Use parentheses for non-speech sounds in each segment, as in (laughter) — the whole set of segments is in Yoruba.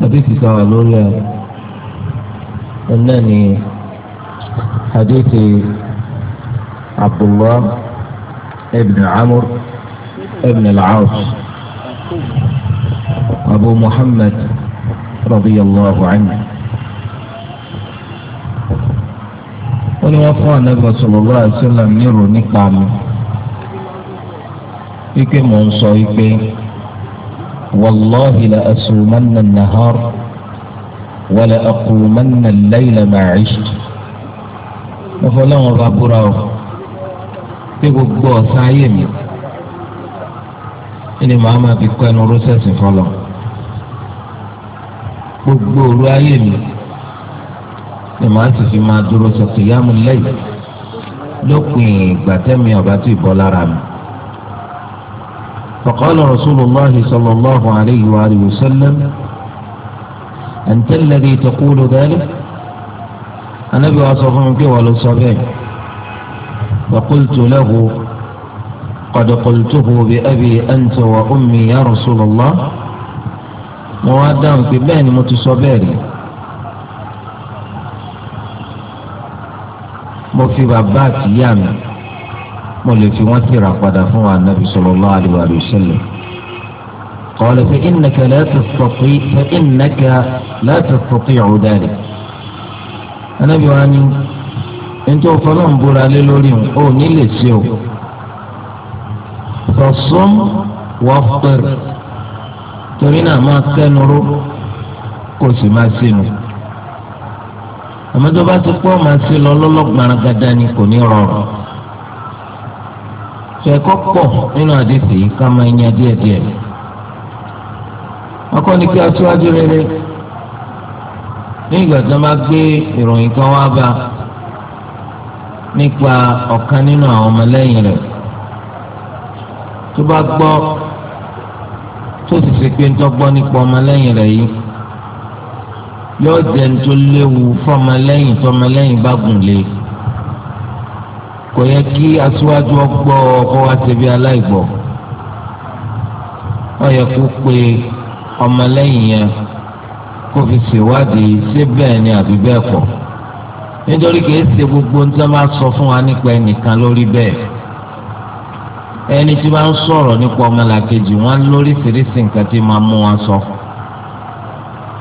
حديث سعلولة أنني حديث عبد الله ابن عمرو ابن العاص أبو محمد رضي الله عنه wọ́n ní wọ́n fún ànágbà sallallahu alaihi wasallam nírò nípa mi والله لأصومن النهار ولأقومن الليل ما عشت ọfọlọ́wọ́n bá búra ọ pé gbogbo ọ̀sán ayé mi ẹni màá máa fi kọ́ ẹnu rọ́sẹ̀sì fọlọ́ gbogbo òru ayé mi ni màá sì fi máa dúró sọ kìyàmù lẹ́yìn lópin ìgbà tẹ́mi ọ̀bá tó ìbọ́ lára mi. فقال رسول الله صلى الله عليه وآله وسلم أنت الذي تقول ذلك النبي وصفهم ولو صبيح فقلت له قد قلته بأبي أنت وأمي يا رسول الله موادام في بين متصبري mo fi bàbá mo lè fi wọ́n tìrà padà fún wa nàbì sallallahu alaihi wa sallam. قال فإنك لا تستطيع فإنك لا تستطيع ذلك أنا بيواني أنت وفلان بولا للوليم أو نيلي سيو فصم وافطر ترينا ما كنرو كوسي ما سينو أما دو باتي قوما سيلو لولوك مانا قداني كوني رورو sọ ẹ̀kọ́ pọ̀ nínú àdìsí yìí ká máa yan ọkọ ni kí a síwájú rere ní ìgbà tí wọn bá gbé ìròyìn kan wá bá nípa ọ̀kan nínú àwọn ọmọlẹ́yìn tó bá gbọ tó sì kò yẹ kí aṣíwájú ọgbọ́ ọkọ wa ti bí aláìgbọ́ ó yẹ kó pe ọmọlẹ́yìn yẹn kó fi ṣèwádìí ṣé bẹ́ẹ̀ ni àbí bẹ́ẹ̀ kọ́ nítorí kìí ṣe gbogbo ní tí wọ́n bá sọ fún wa nípa ẹnìkan lórí bẹ́ẹ̀ ẹni tí wọ́n sọ̀rọ̀ nípa ọmọlàkejì wọn lóríṣiríṣi nǹkan tí máa mú wọn sọ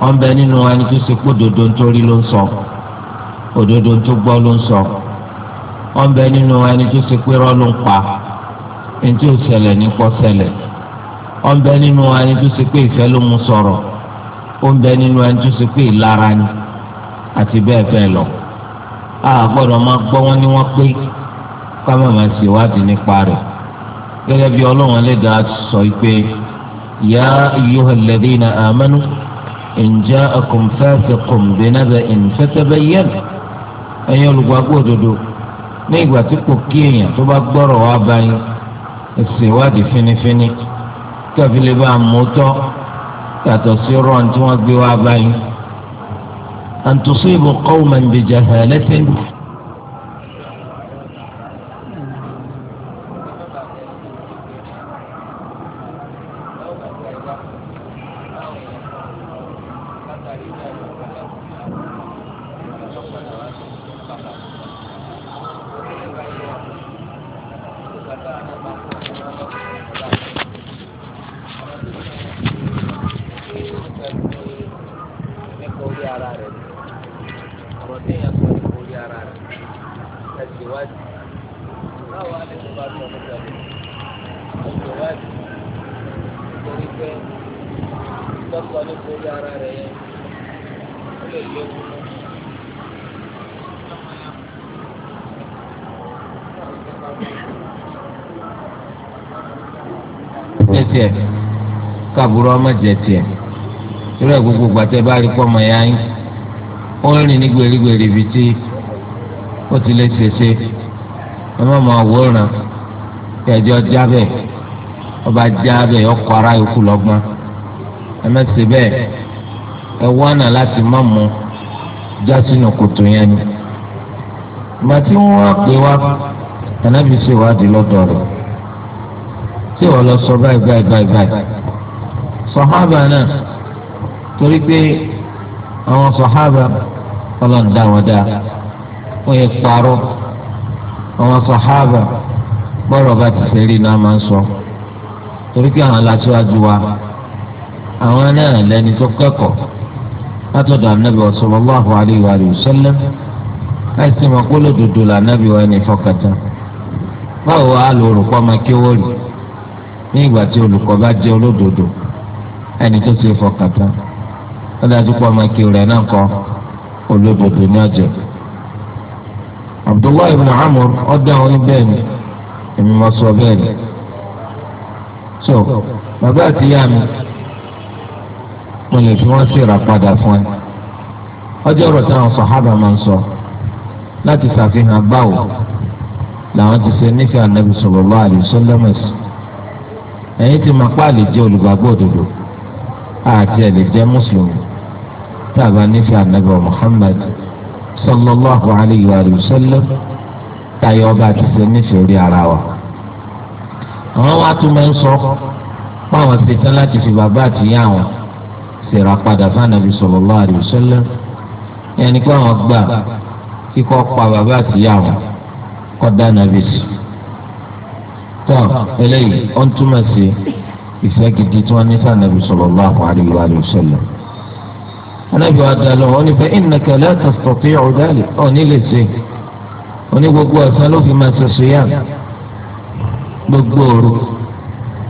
wọn nínú wa ni tó ṣe pé òdodo ń torí ló ń sọ òdodo tó gbọ́ ló ń sọ wọ́n bẹ nínú ẹni tó ṣe pé rọ́ọ̀lù ń pa ẹni tí ò ṣẹlẹ̀ ní pọ́ ṣẹlẹ̀ wọ́n bẹ nínú ẹni tó ṣe pé ìfẹ́ ló mú sọ̀rọ̀ wọ́n bẹ nínú ẹni tó ṣe pé ìlara ni àti bẹ́ẹ̀ bẹ́ẹ̀ lọ. a gbọ́dọ̀ máa gbọ́ wọn ní wọ́n pé ká má máa ṣèwádìí nípa rẹ̀ gẹ́gẹ́ bí ọlọ́run lè dá sọ pé yá ayyuhal ladhina amanu in ja'akum fasiqun bi naba'in fatabayyanu ẹ̀yin olùgbàgbọ́ òdodo ní ìgbà tí kò kí èèyàn tó bá gbọ́rọ̀ wá báyìí ẹsẹ̀ ìwádìí fínífíní kẹfì lè bá mọ́tọ́ yàtọ̀ sí rọ́ọ̀n tí wọ́n gbé wá báyìí. àǹtòsí ìbò kọ́wọ́mọ̀ ń bèjà hẹ́lẹ́tẹ́ni. aburú ọmọ jẹ tiẹ̀ irú ẹ̀ gbogbo gbàtẹ́ bá rí pọ́mọ ya yín ó rìn ní gbèrígbèrí ibi tí ó ti lè ṣèṣe ẹ má máa wòran kẹjọ jábẹ ọba jábẹ ọkọ ara yòókù lọ́gbọ́n ẹ má ṣe bẹ́ẹ̀ ẹ wánà láti má mú já kòtò yẹn ni ìgbà tí wọ́n pè wá ànábì ṣèwádìí lọ́dọ̀ ṣé wọ́n lọ sọ báyìí báyìí báyìí sọ̀hábà náà torí pé àwọn sọ̀hábà ọlọ́run dá wọn dá wọ́n yẹ parọ́ àwọn sọ̀hábà bọ́ọ̀rọ̀ bá ti fẹ́ rí náà máa ń sọ torí pé àwọn aláṣíwájú wa àwọn náà lẹ́ni tó kẹ́kọ̀ọ́ látọ̀dọ̀ ànábì sallallahu alaihi wa sallam láìsí ma kóló dodo la ànábì wa ẹni fọkàtà báwo wà á lò olùkọ́ máa kí owó rí ní ìgbà tí olùkọ́ bá jẹ́ olódodo ẹni tó ṣe fọkàn tán ó dájú pé ọmọ ìkí rẹ̀ náà kọ́ olódodo ní ọjọ́ Abdullahi ibn Amr ọdẹ àwọn oníbẹ̀ẹ́ ni èmi máa sọ bẹ́ẹ̀ ni so bàbá àti ìyá mi mo lè fi wọ́n ṣèrà padà fún ẹ ọjọ́ ọ̀rọ̀ táwọn sàhábà máa ń sọ láti ṣàfihàn báwo làwọn ti ṣe nífẹ̀ẹ́ ànábì sallallahu alaihi wasallam ẹ̀yìn ti máa pààlè jẹ́ olùgbàgbọ́ òdodo àti ẹ̀ lè jẹ́ mùsùlùmí tá a bá nífẹ̀ẹ́ ànábì Muhammad sallallahu alayhi wa sallam táyọ̀ ọba àti ṣe nífẹ̀ẹ́ orí ara wa. àwọn wa tún máa ń sọ páwọn ṣe tán láti fi bàbá àti ìyá wọn ṣèrà padà fànàbí sallallahu alayhi wa sallam ẹni pé àwọn gbà kíkọ́ pa bàbá àti ìyá wọn kọ́ dáná bí sùn. tọ́ eléyìí ó ń túmọ̀ sí i ìfẹ́ gidi tí wọ́n ní sáà nàbì sallallahu alayhi wa sallam. anábì wa dàlọ́ wọn ní fa innaka la tastati'u dhalik ọ̀ní lè ṣe oní gbogbo ọ̀sán ló fi máa ṣe siyam gbogbo òru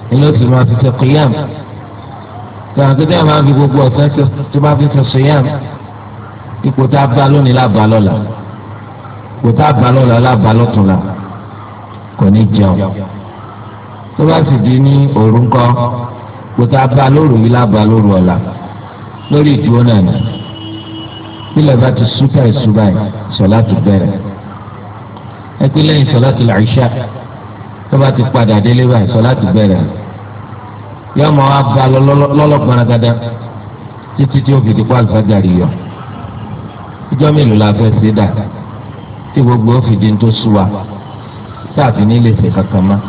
ni ló fi máa fi ṣe qiyam tàn tó dẹ́ máa fi gbogbo ọ̀sán tó bá fi ṣe siyam ipò tá a bá lónìí lábàá lọ́la ipò tá a bá lọ́la lábàá lọ́tún la kò ní jẹun tó bá sì di ní òru ńkọ́ kó tá a bá lóru yìí lábàá lóru ọ̀la lórí ìdúró náà nà ilẹ̀ bá ti súpà ìsúbà yìí sọ̀lá ti bẹ̀rẹ̀ ẹ pé lẹ́yìn sọ̀lá ti làṣà tó bá ti padà délé báyìí sọ̀lá ti bẹ̀rẹ̀ yóò máa wá ba lọ́lọ́gbọ̀nà gada títí tí ó fi di kó àlùfáàgàrì yọ ìjọ mélòó la fẹ́ ṣe dà tí gbogbo ó fi di ní tó sú wa táàfin ní lè ṣe kankan máa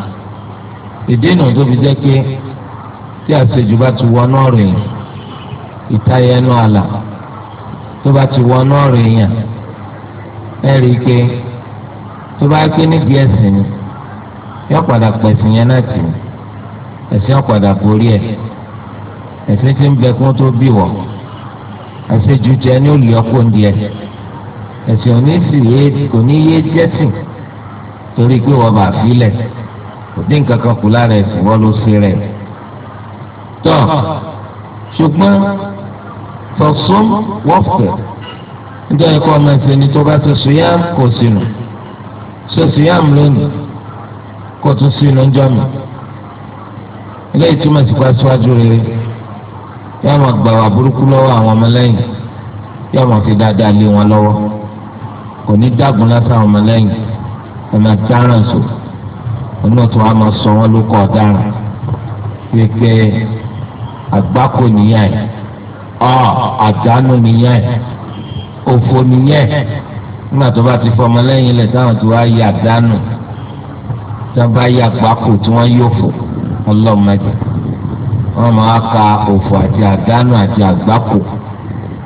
ìdènà tó fi jẹ́ pé tí àṣejù bá ti wọ náà rèé ìtayẹ ẹnu àlà tó bá ti wọ náà rèé yàn ẹ rí i pé tó bá pé nídìí ẹ̀sìn ni yọ padà pẹ̀sìn yẹn náà tì í ẹ̀sìn yọ padà borí ẹ̀ ẹ̀sìn ti ń bẹ kí wọ́n tó bí wọ̀ àṣejù jẹ ní olè ọkọ̀ ń di ẹ̀ ẹ̀sìn ò sì yé kò ní yé jẹ́sìn torí pé wọ́n bá fi lẹ̀ kò dín kankan kù lára ẹ̀sìn wọn ló ṣe rẹ̀ tọ́ ṣùgbọ́n tọ̀sùn wọ́fẹ̀ nítorí kọ́ ọmọ ẹ̀sìn ni tó bá ti sùyàm kò sínú ṣe sùyàm lónìí kò tún sínú ńjọ́ mi ilé ìtumọ̀ sí pàṣíwájú rere yóò máa gbà wà burúkú lọ́wọ́ àwọn ọmọlẹ́yìn yóò máa fi dáadáa lé wọn lọ́wọ́ kò ní dágun lásán ọmọlẹ́yìn ọmọ dáràn sòrò. ọ̀nà tó a máa sọ wọn ló kọ ọ̀daràn pépé àgbákò nìyẹn ọ àdánù nìyẹn òfò nìyẹn nígbà tó bá ti fọmọ lẹ́yìn ilẹ̀ táwọn tó wá yà dánù tí yà àgbákò tí wọ́n yóò fò ọlọ́mọdé wọ́n máa ka òfò àti àdánù àti àgbákò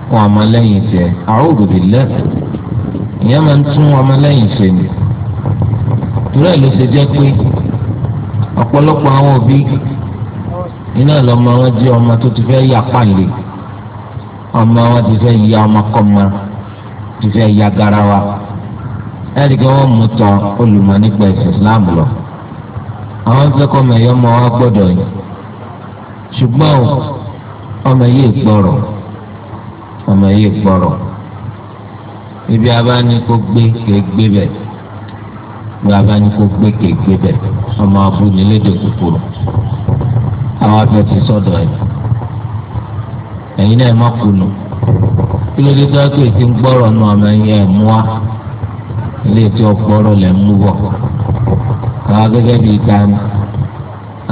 fún ọmọlẹ́yìn tiẹ̀ àrùn òdòdó lẹ́sìn ìyẹn máa ń tún rẹ̀ ló ṣe jẹ́ pé ọ̀pọ̀lọpọ̀ àwọn òbí iná lọ́mọ wọn jẹ́ ọmọ tó ti fẹ́ yà pàlè ọmọ wọn ti fẹ́ ya ọmọkọ́mọ ti fẹ́ ya garawa ẹ̀rí kí wọ́n mú tọ olùmọ̀ nípa ẹ̀sìn Islam lọ àwọn akẹ́kọ̀ọ́ ọmọ ẹ̀yọ́ ọmọ wa gbọ́dọ̀ yìí ṣùgbọ́n ọmọ yìí gbọ́rọ̀ ọmọ yìí gbọ́rọ̀ ibi abáni kò gbé kéé gbé bẹ́ẹ̀ gba abánikó gbé kéèké bẹ ọmọ abu nílédè kúkúrú àwọn afẹ́tí sọ̀dọ̀ ẹ̀ ẹ̀yin náà má kunu kí ló dé dáa pé ti ń gbọ́rọ̀ nù ọmọ ẹ̀yìn ẹ̀ mú wa ilé tí ọgbọ́rọ̀ lẹ̀ ń mú bọ̀ àwọn gẹ́gẹ́ bíi dání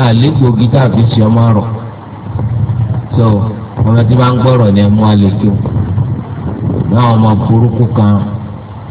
àlékò gíga àfi ṣe ọmọ rọ̀ tó ọmọ tí bá ń gbọ́rọ̀ ni ẹ̀ mú wa lè tó náà ọmọ burúkú kan.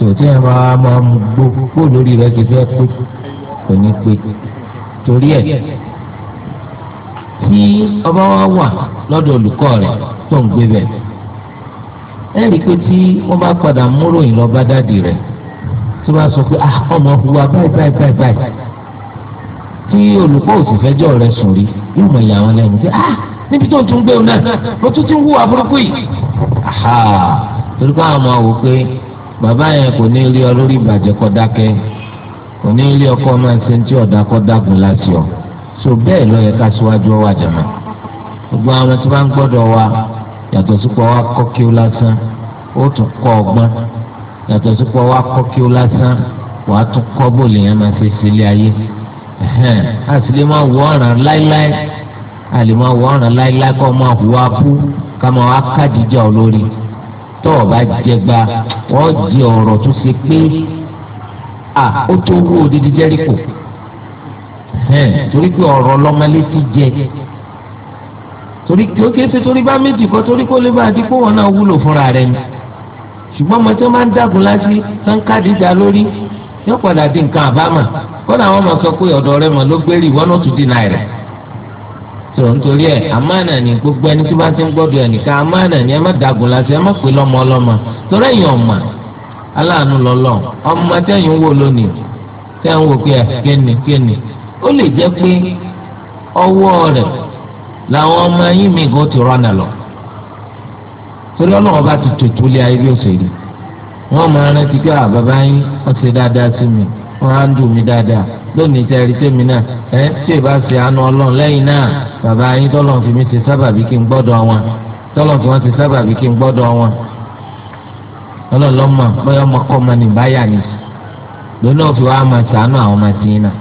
tó tí ẹ máa máa mú gbó kó lórí rẹ ti fẹ́ pé kò ní pé torí ẹ tí ọba wa wà lọ́dọ̀ olùkọ́ rẹ tó ń gbé bẹ̀ ẹ rí i pé tí wọ́n bá padà múròyìn lọ bá dáàdi rẹ̀ tí wọ́n sọ pé ah ọmọ hùwà báyìí báyìí báyìí báyìí tí olùkọ́ òsì fẹ́jọ́ rẹ̀ sùn rí yóò mọ ìyá wọn lẹ́nu pé ah níbi tó ń tún gbé òun náà mo tún ti ń hùwà burúkú yìí aha torí pé àwọn máa wò pé bàbá yẹn kò ní rí ọ lórí ìbàjẹ́ kọ́ dákẹ́ kò ní rí ọkọ máa ń ṣe tí ọ̀dà kọ́ dágun láti ọ so bẹ́ẹ̀ ló yẹ ká síwájú ọwọ́ àjàmọ́ gbogbo àwọn tí wọ́n ń gbọ́dọ̀ wa yàtọ̀ sípò wa kọ́ kí ó lásán ó tún kọ́ ọgbọ́n yàtọ̀ sípò wa kọ́ kí ó lásán wà á tún kọ́ bò lèèyàn máa ṣe sílé ayé a sì lè máa wọ ọ̀ràn láíláí a lè máa wọ ọ̀ràn láíláí kọ́ máa hùwà bú ká máa wá kádìjà olórí tó o bá jẹgba wọ́n di ọ̀rọ̀ tó ṣe pé à ó tó wú odidi jẹ́ríkò torí pé ọ̀rọ̀ lọ́mọlétí jẹ torí kí ó ké ṣe torí bá méjì kan torí kó lè bá àti kó wọn náà wúlò fúnra rẹ̀ ni ṣùgbọ́n ọmọ tí wọ́n máa ń dàgùn láti tán káàdì ìjà lórí yóò padà di nǹkan àbámà kọ́nà àwọn ọmọ sọ pé ọ̀dọ̀ rẹ̀ mọ̀ ló gbérí ìwọ́n náà tún dì náà tó nítorí ẹ amánà ni gbogbo ẹni tí bá ti ń gbọ́dọ̀ ẹnìkan amánà ni ẹ má dàgùn láti ẹ má pè lọmọ ọlọ́mọ torí ẹ̀yin ọmọ aláàánú lọlọ ọmọ tẹ̀yin wò lónìí tẹ̀yin wò pé ah, kíni kíni ó lè jẹ́ pé ọwọ́ rẹ̀ làwọn ọmọ yín mi kò ti rọnà lọ torí bá ti lé ayé bí ó lónìí tẹ ẹrí tèmi náà ẹ tí ìbá ṣe àánú ọlọ́run lẹ́yìn náà bàbá yín tọ́lọ̀ fi mi ti sábàbí kí n gbọ́dọ̀ wọn tọ́lọ̀ fi wọn ti sábàbí kí n gbọ́dọ̀ wọn ọlọ́run lọ́mọ bóyá ọmọ kọ́ ọmọ nìbáyà ni lónìí òfin wa máa ṣàánú àwọn ọmọ tì í náà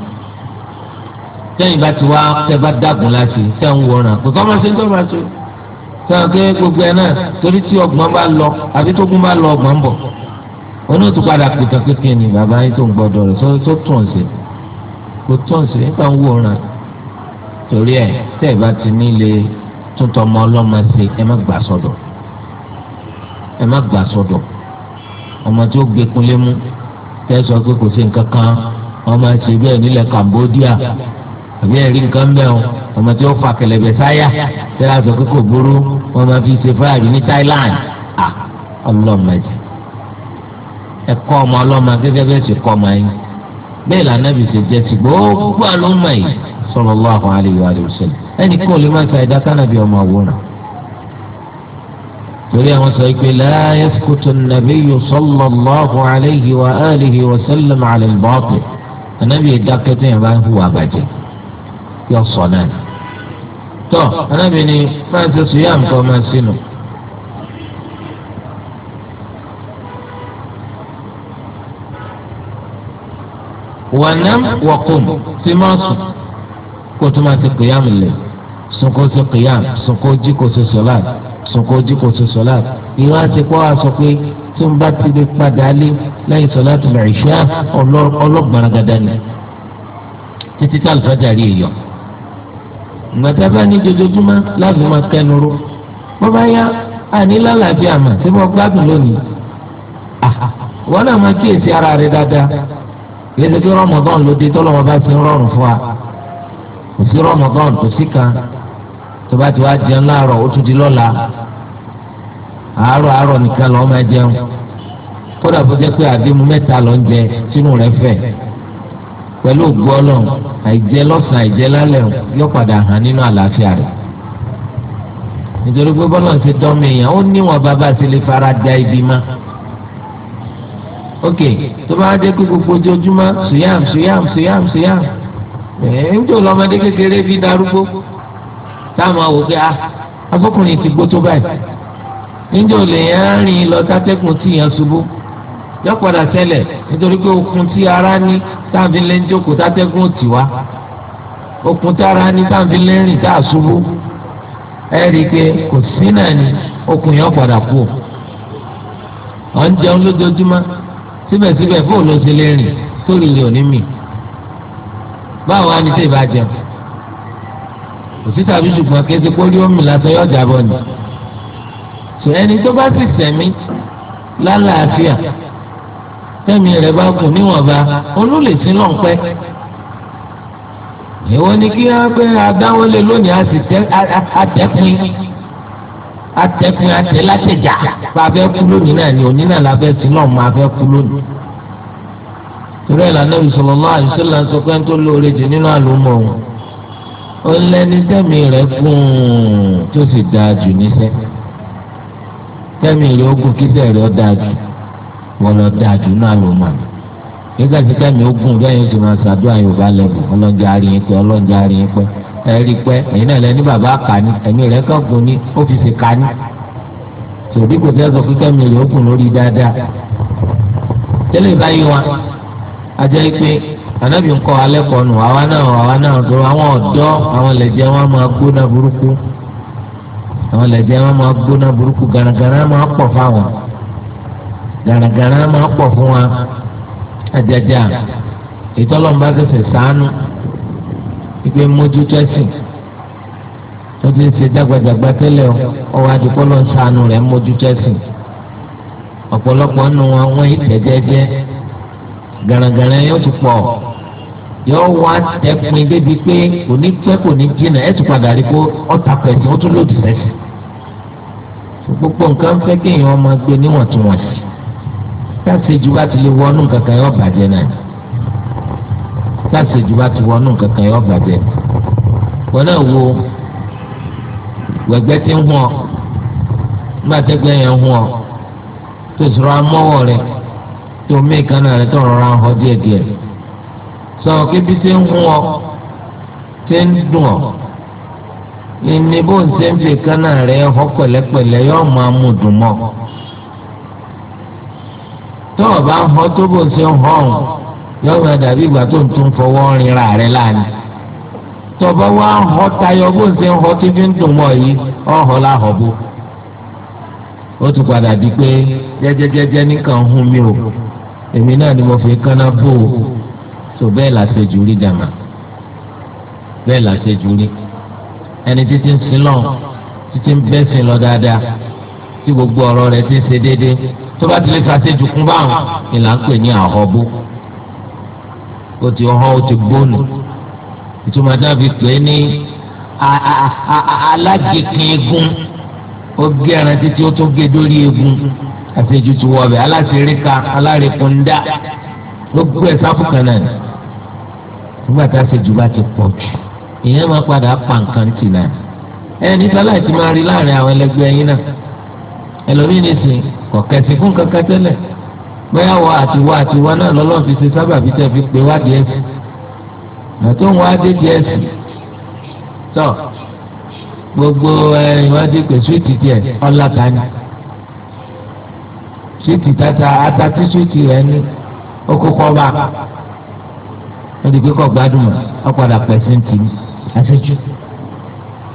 tẹ́yìn bá ti wá tẹ́ bá dàgùn láti tẹ́ ń wọ̀ràn kò sọ́mọ́ sí tó máa ṣe sọ́mọ́ pé gbogbo ẹ̀ náà torí tí ọgbọ́n bá lọ àbí tó gún bá lọ ọgbọ́n bọ̀ onótùpadà pìtàkìtì ni bàbá yín tó ń gbọ́dọ̀ rẹ̀ sọ́tún ọ̀sẹ̀ kò tó ń sìn nípa ń wòran torí ẹ tẹ́ ẹ bá ti nílé tuntun ọmọ ọlọ́mọ ṣe ẹ má gbà sọ́dọ̀ ẹ má gbà sọ́dọ̀ ọmọ tí ó gbé kunlé mú tẹ́ sọ pé kò sí nǹkan kan ọmọ ṣe bẹ́ẹ̀ nílẹ̀ Cambodia àbí ẹ̀rí nǹkan bẹ́ẹ̀ o ọmọ tí ó fa kẹlẹ̀bẹ̀ sáyà tẹ́ a sọ pé kò burú wọn máa fi ṣe fáàrí ní Thailand à ọlọ́mọdé ẹ kọ́ ọmọ ọlọ́mọ gẹ́gẹ́ bẹ́ẹ̀ ṣe kọ́ ọmọ yín bẹ́ẹ̀ la anabi ṣe jẹ́ ti gbogbo àlùmọ̀ yìí sallallahu alayhi wa sallam ẹnì kan ò lè má sa ẹ̀dá kánábì ọmọ àwòrán torí àwọn sọ pé la yaskutu an-nabiyyu sallallahu alayhi wa alihi wa sallam ala al ẹ̀dá kẹtẹ́ yẹn bá ń hùwà bàjẹ́ yọ sọ náà tọ́ anabi ni máa ń ṣe sùúyà nǹkan máa ń sínú. wọnàm wọkùn sima máa sùn kó tó máa ti kìyàm lè sùn kó ti kìyàm sùn kó jí kó ti sọlá sùn kó jí kó ti sọlá ìwọ àti kó wa pé tí n bá ti lè padà lé lẹ́yìn sọlá tó lè ni títí tá àlùfáàjà rí èyọ gbàtà bá ní jojoojúmọ́ láti máa kẹnu ró bó bá yá àní lálàáfíà mà tí mo gbádùn lónìí ah, wọn náà máa kíyèsí ara rẹ dáadáa yẹtí kí rọmọdán ló dé tọ́lọ́wọ́ bá ti rọrùn fún wa kò sí rọmọdán kò sí kan tó bá ti wá jẹun láàárọ̀ ó tún di lọ́la àárọ̀ àárọ̀ nìkan lọ́ọ́ máa jẹun kódà bó jẹ́ pé àdéhùn mẹ́ta ló ń jẹ sínú rẹ̀ fẹ̀ pẹ̀lú ògbó ọlọ́run àìjẹ lọ́sàn-án àìjẹ lálẹ́ yóò padà hàn nínú àlàáfíà rẹ̀ nítorí pé bọ́lá ń ṣe dánmẹ̀yàn ó níwọ̀n bàbá ṣe fara da ibi máa ok tó bá jẹ́ pé gbogbo ojoojúmọ́ suyam suyam suyam suyam ẹ̀ ń jò lọ́mọdé kékeré fi darúgbó táwọn àwò pé ah, afọkùnrin ti gbó tó báyìí níjọ́ lè yẹn rìn lọ sátẹ́kùn tí yẹn ṣubú yọ padà ṣẹlẹ̀ nítorí pé okun tí ara ní táàbí lè ń jókòó sátẹ́kùn tì wá okun tí ara ní táàbí lè rìn tá a ṣubú ẹ rí i pé kò sí náà ni okun yẹn padà kú ọ ń jẹun lójoojúmọ́ síbẹ̀síbẹ̀ fóònù ló ti lè rìn sórí ilé òní mi báwo á ní tẹ́ ìbá jẹun òsì tàbí ṣùgbọ́n kí ẹ ti kó rí omi lásán yóò jábọ̀ ni sọ ẹni tó bá sì sẹ̀mí lálàáfíà tẹ́mi rẹ̀ bá kù níwọ̀nba olólèsí náà ń pẹ́ ìwọ ni kí á pé adáwọlé lónìí á sì atẹkùn atẹ látẹjà bá a fẹ́ kú lónìí náà ni òní náà la fẹ́ sí náà máa fẹ́ kú lónìí. torí ẹ̀ lànà sallallahu alaihi wasallam sọ pé ń tó lóore jù nínú àlùmọ̀ wọn. ó lẹ́ni sẹ́mi rẹ̀ fún un tó sì dáa jù níṣẹ́. sẹ́mi rẹ̀ ó gùn kíṣẹ́ rẹ̀ ó dáa jù wọ́n lọ dáa jù náà àlùmọ̀ mi. nígbà tí sẹ́mi ó bẹ́ẹ̀ yóò sì máa Yorùbá lẹ́bù ọlọ́njà àríyìn ẹ̀rí pẹ́ ẹ̀yin náà lẹ́ni bàbá kà ní ẹ̀mí rẹ̀ kàn gùn ní ọ́fíìsì kà ní. sòdí kò fẹ́ sọ kíkẹ́ mi yóò kùn lórí dáadáa. tẹ́lẹ̀ báyìí wa ajẹ́ pé ànábì ń kọ́ alẹ́ kọ́ nù àwa náà àwa náà tó àwọn ọ̀dọ́ àwọn lẹ̀jẹ̀ wọn máa gbóná burúkú àwọn lẹ̀jẹ̀ wọn máa gbóná burúkú garagara máa pọ̀ fáwọn garagara máa pọ̀ fún wa àjàjà ìtọ́lọ́mbà ṣẹ̀ṣẹ̀ ṣàánú ìgbé mójútó ẹ̀sìn ó ti ṣe jágbajàgba tẹ́lẹ̀ ọ wá di kọ́ ló ń sànù rẹ̀ mójútó ẹ̀sìn ọ̀pọ̀lọpọ̀ nù wọn wọ́n ìtẹ̀jẹ́jẹ́ garagara yóò ti pọ̀ yóò wá tẹ̀pin débi pé kò ní pẹ́ kò ní jìnnà ẹ̀ tún padà rí kó ọ̀tà pẹ̀sìn ó tún lòdì sẹ́sìn gbogbo nǹkan fẹ́ kéèyàn máa gbé níwọ̀ntúnwọ̀nsì láti ju bá ti lè wọnú kankan yóò bàjẹ́ náà sásèjù bá ti wọnú kankan yọ bàjẹ́ wọn náà wo wẹ̀gbẹ́ tí ń hún ọ nígbà tẹ́gbẹ́ yẹn ń hún ọ tó sọ̀rọ̀ amọ́wọ́ rẹ tó mí kaná rẹ tó rọra ń họ díẹ̀díẹ̀ sọ kébí tí ń hún ọ tí ń dùn ọ ìní bó ń ṣe ń fi kaná rẹ họ pẹ̀lẹ́pẹ̀lẹ́ yọ máa mú dùn mọ́ tọ́ọ̀ bá họ tó bó ń ṣe ń họ ọ̀hún yọ máa dàbí ìgbà tó ń tún fọwọ́ rinra rẹ láàánú tọba wa ń họ tayọ bó ń ṣe ń họ tí fi ń dùn mọ́ yìí ọ̀họ́ la họ bó ó tún padà di pé jẹ́jẹ́jẹ́jẹ́ nìkan ń hun mi o èmi náà ni mo fi kánná bò ó tó bẹ́ẹ̀ là ṣe jù rí jàmà bẹ́ẹ̀ là ṣe jù rí ẹni títí ń sin lọ títí ń bẹ́sìn lọ dáadáa tí gbogbo ọ̀rọ̀ rẹ̀ ti ṣe déédéé tó bá ti lè fàṣejù kún báwọn ni pè ní àhọ́bó ó ti hàn ó ti gbónù ìtumọ̀ tí wọ́n fi pè é ní alágẹ̀kẹ̀ egun ó gé ẹran títí ó tó gé dórí egun àṣejù ti wọ̀ bẹ̀ aláṣẹríkà alárèkúndá gbogbo ẹ̀ sáfùkàn náà nígbà tá a ṣe jù bá ti pọ̀ jù ìyẹn máa padà pa nǹkan tì náà ẹni sálà ti máa rí láàrin àwọn ẹlẹgbẹ́ yín náà ẹlòmíín ní kọ̀kẹ́sì fún kankan tẹ́lẹ̀ bóyá wọ àtiwọ àtiwọ náà lọ́lọ́run fi ṣe sábàbí tẹ́ fi pé wá díẹ̀ sí àti òun wá dé díẹ̀ sí tọ́ gbogbo ìwádìí pé súwìtì díẹ̀ ọ̀la kàní súwìtì tata atatí súwìtì rẹ̀ ní okókó bá wọ́n ti gbé kọ́ gbádùn mọ́ ọ̀padà pẹ̀sẹ̀ ń tì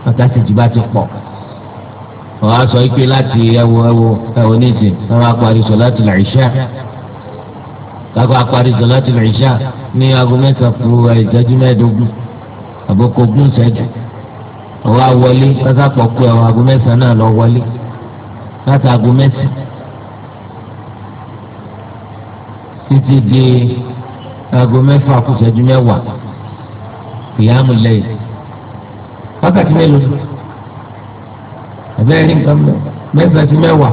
ọ̀tá ṣèjì bá ti pọ̀ wọn á sọ pé láti ẹwọ ẹwọ ẹwọ níìsín wọn á parí sọláàtì l'ìṣá kakọ apari sọláàtì l'ìṣá ní aago mẹ́ta kù ìṣẹ́jú mẹ́ẹ̀ẹ́dógún àbókò ogún ìṣẹ́jú ọwọ awọlé sásàpọ kú ẹwọ aago mẹ́sàn náà lọ wọlé láti aago mẹ́sàn títí di aago mẹ́fà kù ìṣẹ́jú mẹ́wàá kìyàmù lẹ́yìn wákàtí mélòó abẹ́rẹ́ nǹkan mẹ́ mẹ́sàn-án sí mẹ́wàá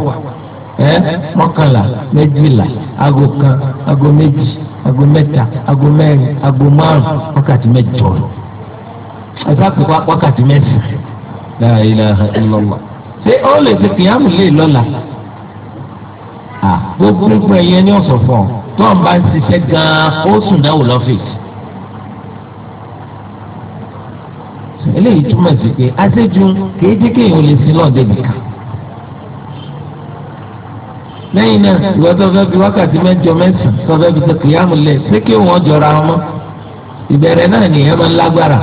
ẹ́ mọ́kànlá méjìlá aago kan aago méjì aago mẹ́ta aago mẹ́rin aago márùn wákàtí mẹ́jọ ẹ̀sà pé wákàtí mẹ́sàn-án la ilaha illallah ṣé ó lè ṣe kìyàmù lè lọ́la gbogbo ẹ̀yẹ ni ọ̀sọ̀ fún ọ tó ń bá ń ṣiṣẹ́ gan-an ó sùn náà wò lọ́fíìsì. eléyìí túmọ̀ sí pé aṣẹ́jú kìí jẹ́ kéèyàn lè sin lọ́ọ̀ débi kan. lẹ́yìn náà ìwọ tó fẹ́ fi wákàtí mẹ́jọ mẹ́sàn-án tó fẹ́ fi ṣe kìyàmù lẹ̀ ṣé kí wọ́n jọra wọn mọ́ ìbẹ̀rẹ̀ náà nìyẹn máa ń lágbára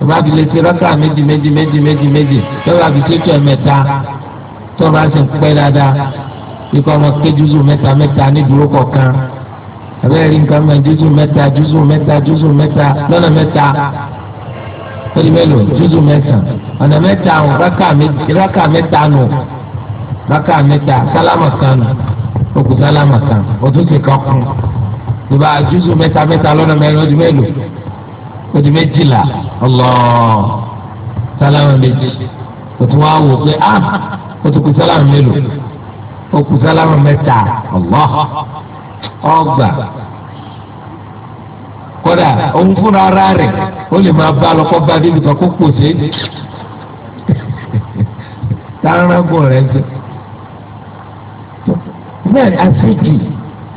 ìwọ àfi lè ṣe rákà méjì méjì méjì méjì méjì lọ́wọ́ àfi ṣètò ẹ̀mẹ́ta tó bá ṣe pẹ́ dáadáa kíkọ́ ọmọ ké mẹ́ta mẹ́ta nídúró kọ̀ọ̀kan abẹ́rẹ́ nǹkan mẹ́ júzù mẹ́ta júzù mẹ́ta júzù mẹ́ta lọ́nà mẹ́ta péye mélòó júzù mẹ́sàn ọ̀nà mẹ́ta àwọn rákà mẹ́ta nù rákà mẹ́ta sálámà kan nù òkú sálámà kan òtún sì kan kún ìbá júzù mẹ́ta mẹ́ta lọ́nà mẹ́rin ọdún mélòó ọdún méjìlá ọlọ́ọ̀ sálámà méjì òtún wá wò pé á ah, òtún kù sálámà mélòó òkú sálámà mẹ́ta ọlọ́ọ̀ ọgbà kódà òun fúnra ara rẹ̀ ó lè máa bá lọ́kọ́ bá débi kan kó pò sí (laughs) tárágùn rẹ̀ jẹ́ bẹ́ẹ̀ àṣejù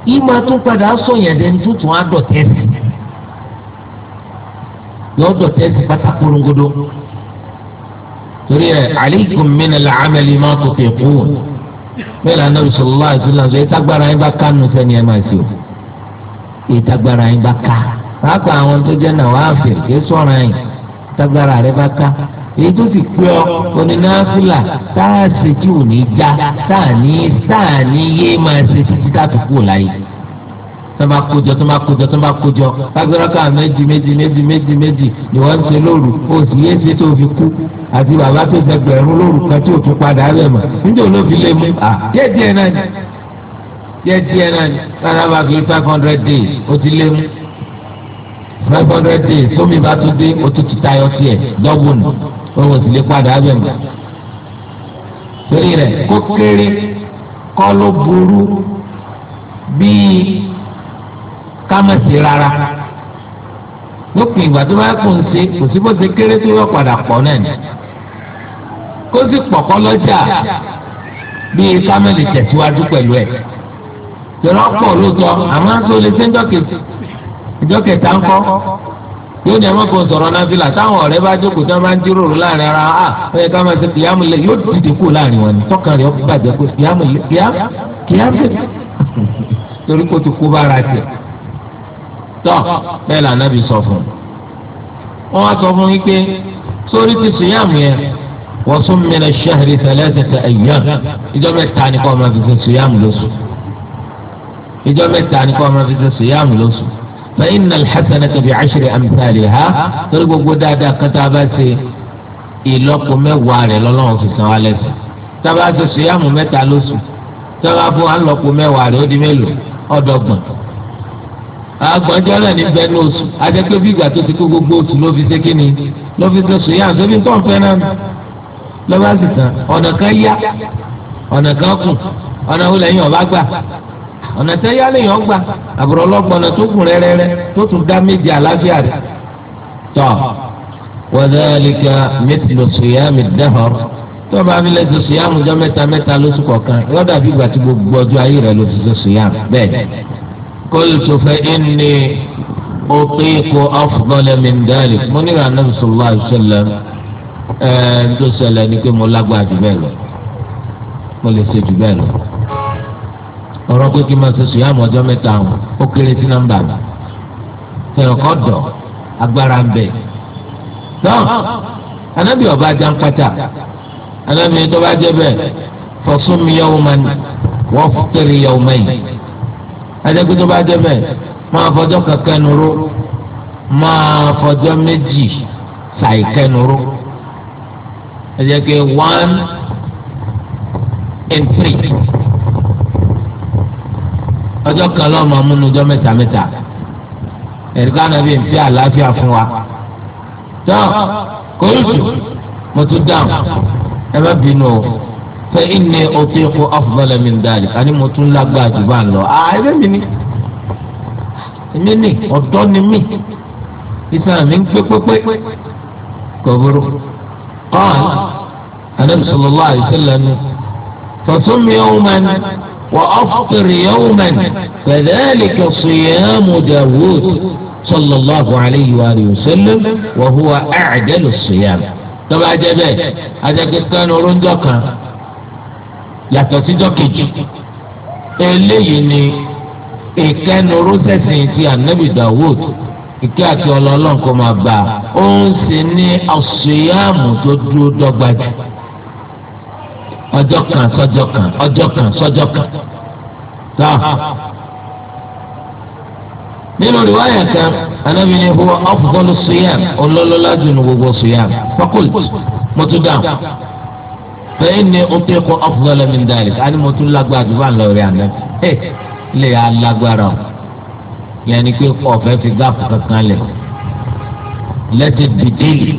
yìí máa tún padà sọ̀yàn dẹni tó tún á dọ̀tẹ́sì yọ dọ̀tẹ́sì pátákó rongodo torí ẹ aleikum mina la'amali ma tó fi kú wọn bẹ́ẹ̀ lànà bisalòlá àti lànà ìtagbára yín bá ká nù sẹ́ni ẹ̀ máa ṣe o ìtagbára yín bá ká pàápàá àwọn tó jẹ́ náà wàá fèrè ké sọ̀rọ̀ yìí tágbára rẹ bá ká èyí tó sì pé ọ onínáfìlà tá a ṣe tí ò ní já tá a ní tá a ní yé máa ṣe títí tá a tó kú láyé tó bá kójọ tó bá kójọ tó bá kójọ lágbẹ́rọ́kà méjì méjì méjì méjì méjì ni wọ́n ń ṣe lóru o sì yé ṣe tó fi kú àti bàbá tó dẹgbẹ̀rún lóru kan tí ò tún padà rẹ̀ mọ̀ níjẹ́ olófin lè mú à díẹ̀ díẹ̀ náà ni díẹ̀ díẹ̀ náà ni rárá bá fi five hundred days ó ti lé mú five hundred days tómi bá tún dé òtútù tayọ tiẹ̀ dọ́gbọ̀n òun ò sì lè padà abẹ́ mọ́. torí rẹ̀ kó kéré kọ́ ló burú bíi kámẹ́sì rárá lópin ìgbà tó bá kún un ṣe kò sí bó ṣe kéré tó yọ padà pọ̀ náà ni kó sì pọ̀kọ́ lọ́jà bíi kámẹ́lì tẹ̀síwájú pẹ̀lú ẹ̀ tẹ̀rọ pọ̀ lóòótọ́ àmọ́ tó lè ṣe ìjọ kẹta ń kọ́ yóò ní ẹmọ kan sọ̀rọ̀ náfìlà táwọn ọ̀rẹ́ bá jókòó tí wọ́n bá ń jíròrò láàrin ara à ó yẹ ká máa ṣe kìyàmù lẹ yóò dìde kú láàrin wọn ni tọkàn rẹ bàjẹ́ pé kìyàmù lẹ kìyàmù lẹ (laughs) torí kó ti kú bára tiẹ̀ tọ́ bẹ́ẹ̀ lànà bí sọ fún un wọ́n wá sọ fún yín pé sórí ti sùyàmù yẹn wọ́n sún mi lọ ṣẹ́hìrì tẹ̀lẹ́tẹ̀tẹ̀ ẹ̀yàn ìjọ mẹ́ta ni kọ́ ọ máa fi ṣe sùyàmù lóṣù ìjọ mẹ́ta ni kọ́ ọ máa fi ṣe sùyàmù lóṣù fẹ́yìn náà lẹ́sẹ̀nẹ́ tó fi àṣírí àmìsàlẹ̀ ha torí gbogbo dáadáa kan tá a bá ṣe ìlọ́po mẹ́wàá rẹ̀ lọ́lọ́run fi san wa lẹ́sẹ̀ tá a bá ṣe ṣèyàmù mẹ́ta lóṣù tá a bá fún wa ńlọ́po mẹ́wàá rẹ̀ ó di mélòó ọ̀dọ́gbọ̀n agbọ̀njọ́ náà ní bẹ́ẹ̀ ní oṣù bí ìgbà tó ti kó gbogbo oṣù ló fi ṣe kí ni ló fi ṣe ṣèyàmù tó fi ń tọ́ fẹ́ náà lọ́ba sì tán ọ̀nà kan ọ̀nà tẹ́ yálé yàn gbà àbúrò ọlọ́gbọ̀n ọ̀nà tó kù rẹ́rẹ́rẹ́ tó tún dá méjì àlàáfíà rẹ̀ tọ́ wọ́dálíkà mẹ́tìlú sùyàmì dẹ́họ̀r tó bá mi lẹ́sẹ̀ sùyàmù jọ mẹ́ta mẹ́ta lóṣù kọ̀ọ̀kan yọ dàbí ìgbà tí gbogbo ọjọ́ ayé rẹ̀ ló ti ṣe sùyàmù bẹ́ẹ̀ kóòtù fẹ́ ẹni ọ̀pẹ́kọ ọ̀fọ̀lẹ́mìndálì mo ní ń tó mo lágbára jù bẹ́ẹ̀ ọ̀rọ̀ pé kí n máa ṣe sùn yàmù ọjọ́ mẹ́ta àwọn ó kéré sí nọ́mbà mi tẹ̀yọ̀ kọ́ dọ̀ agbára ń bẹ̀. tọ́ anábì ọba ajá ń pátá anábì tó bá jẹ́ bẹ́ẹ̀ fọ̀sùn mi yọ̀ wọ́n mani wọ́n kéré yọ̀ wọ́n mẹ́yìn. adágbé tó bá jẹ́ bẹ́ẹ̀ máa fọjọ́ kankan nuru máa fọjọ́ méjì ṣàìkẹ́ nuru. ẹ one and three ọjọ́ kan lọ́mọ múnujọ́ mẹ́ta mẹ́ta ẹ̀ríkà náà bí n fi àlàáfíà fún wa tán kóòtù mo tún dáhùn ẹ má bínú o fẹ́ ìní ọtí kó afdal min dalik àní mo tún lágbára jù bá ń lọ àìrẹ́ mi ni èmi ni ọ̀dọ́ ni mí ìsàn mi ń gbé pépé kò kọ́ àná anabi sallallahu ni tọ́tún mi ò máa وأفطر يوما فذلك صيام داود صلى الله عليه وآله وسلم وهو أعجل الصيام طبعا جبال هذا قد كان رندقا لا تسجكي اللي يني ìkẹnu rọ́sẹ̀sìn النبي anabi dawud ìkẹ́ àti ọlọ́lọ́nkọ́ máa gbà ó ń sin ní àṣeyàmù tó dúró dọ́gba jù ọjọ́ kan sọ́jọ́ kan ọjọ́ kan sọ́jọ́ kan tá nínú riwaya kan anabi ni huwa afdalu siyam ọlọ́lọ́lá jù ní gbogbo siyam fakult mo tún dáhùn bẹ́ẹ̀ ni o tẹ́ kọ́ afdalu min dalik àni mo tún lágbára jù bá ń lọ rí àná ẹ lè yà lágbára o yẹn ni pé ọ̀fẹ́ fi gáàpù kankan lẹ̀ let it be daily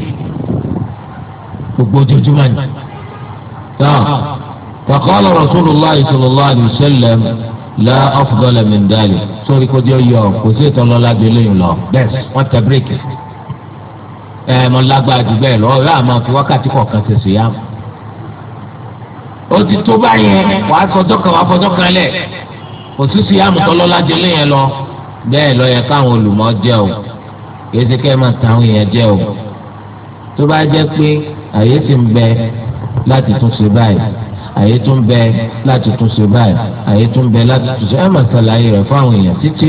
gbogbo ojoojúmọ́ ni. نعم فقال رسول الله صلى الله عليه وسلم لا أفضل من ذلك سوري كو ديو يو كو لا دي لين بس وانت بريك ẹ mọ lágbára jù bẹ́ẹ̀ lọ ọlá àmọ́ fi wákàtí kọ̀ọ̀kan ṣe sùyàmù ó ti tó báyẹn wàá sọjọ́ kan wàá fọjọ́ kan lẹ̀ kò sí sùyàmù tọ́lọ́lá jẹ lẹ́yìn lọ bẹ́ẹ̀ lọ yẹ káwọn olùmọ̀ jẹ́ o kì í ṣe máa ta àwọn èèyàn o tó bá jẹ́ pé àyè sì ń bẹ láti tún ṣe báyìí àyè tún bẹ láti tún ṣe báyìí àyè tún bẹ láti tún ṣe ẹ mà ṣàlàyé rẹ̀ fáwọn èèyàn títí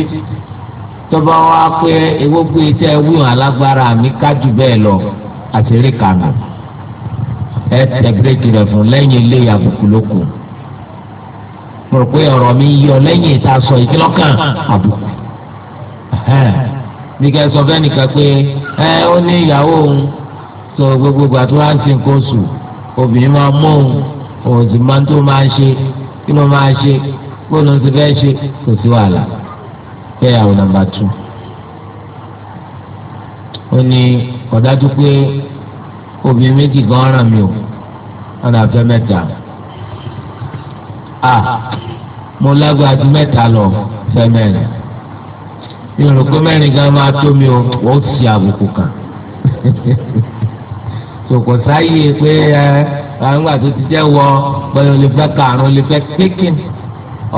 tọba wa pé ewégbé tẹ wíwọn alágbára mi kájú bẹ́ẹ̀ lọ àṣírí kànú ẹ tẹ bírèkì rẹ̀ fún lẹ́yìn ilé àbùkù lóko mo rò pé ọ̀rọ̀ mi yọ lẹ́yìn ìta sọ ìkìlọ́kàn àbùkù nígbà sọ fẹ́ nìkan pé ẹ ó ní ìyàwó òun sọ gbogbo gbàtúrà ń sin kóòsù obìnrin máa mọ̀ òun òun sì máa tó máa ṣe kí ló máa ṣe kó ló ti fẹ́ ṣe kò sí wàhálà fẹ́yàwó nàmbà tù. ó ní ọ̀dájú pé obìnrin méjì gan ràn mí o ọ̀nà àfẹ́ mẹ́ta. a mo lágbára ju mẹ́ta lọ fẹ́ mẹ́rin mi ò rò pé mẹ́rin gan máa tó mi o wọ́n ti ṣe àbùkù kan. (laughs) sòkò sáyé pé ẹ àgbà tó ti jẹ́ wọ gbọ́dọ̀ lè fẹ́ kàrún lè fẹ́ kékin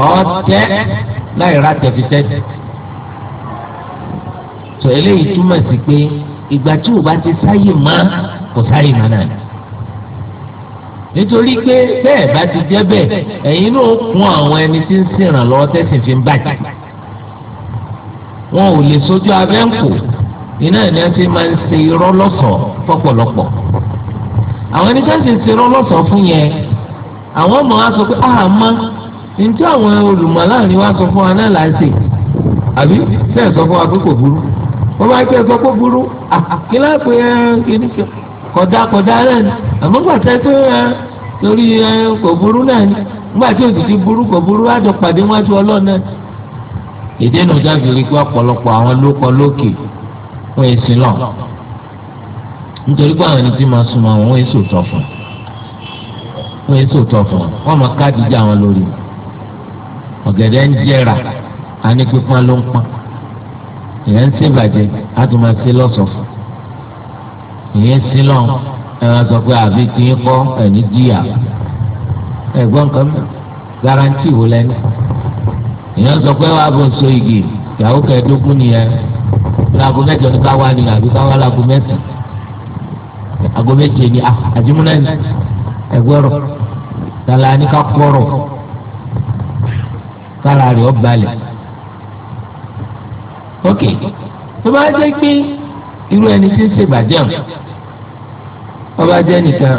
ọ̀tẹ́ láì ra tẹ̀fitẹ́ sọ eléyìí túmọ̀ sí pé ìgbà tí o bá ti sáyé má kò sáyé má náà nítorí pé bẹ́ẹ̀ bá ti jẹ́ bẹ́ẹ̀ ẹ̀yin náà kún àwọn ẹni tí ń sìnràn lọ́wọ́ tẹ̀sìn fi ń bàjẹ́ wọn ò lè sójú abẹ́ ń kò iná ẹni ẹ ti máa ń ṣe irọ́ lọ́sọ̀ọ́ pọ̀pọ̀lọpọ̀ àwọn ẹni sáà ti ṣe irọ́ lọ́sọ̀ọ́ fún yẹn àwọn ọmọ wa sọ pé ah, àmọ́ ntí àwọn olùmọ̀ láàrin wa sọ fún wa náà là ń ṣe àbí bẹ́ẹ̀ sọ fún wa pé kò burú wọ́n bá kí ẹ sọ pé burú àkílá pé ẹ kìíní kọjá kọjá náà ni àmọ́ gbàtẹ́ pé ẹ torí ẹ kò burú náà ni nígbà tí òsì ti burú kò burú àjọ pàdé wájú ọlọ́ọ̀ náà ìdènà jáde rí pé ọ̀pọ̀lọpọ̀ àwọn ló lókè wọn èsì lọ nítorí pé àwọn ẹni tí máa súnmọ́ àwọn wọn èsì òtọ fún wọn èsì òtọ fún wọn máa káàdì jẹ àwọn lórí ọ̀gẹ̀dẹ̀ ń jẹrà á ní pípọn ló ń pọn ìyẹn ń ṣèbàjẹ́ á tún máa ṣe lọsọfọ ìyẹn sí lọ ẹ máa sọ pé àbí kí n kọ ẹni díyà ẹ̀gbọ́n kan garanti wò lẹnu ìyẹn sọ pé wàá bọ̀ sọ igi ìyàwó kẹẹ̀ẹ́dógún nìyẹn láago mẹ́jọ ní káwá ni àbí káwá láago mẹ́sàn àgọ méje ni ah, àjùmúnà ni ẹgbẹrọ tala ni ká kọrọ kára rẹ ọbalẹ ok tó bá jẹ pé irú ẹni tí ń ṣe ìbàjẹ́ o ọba jẹ́ nìkan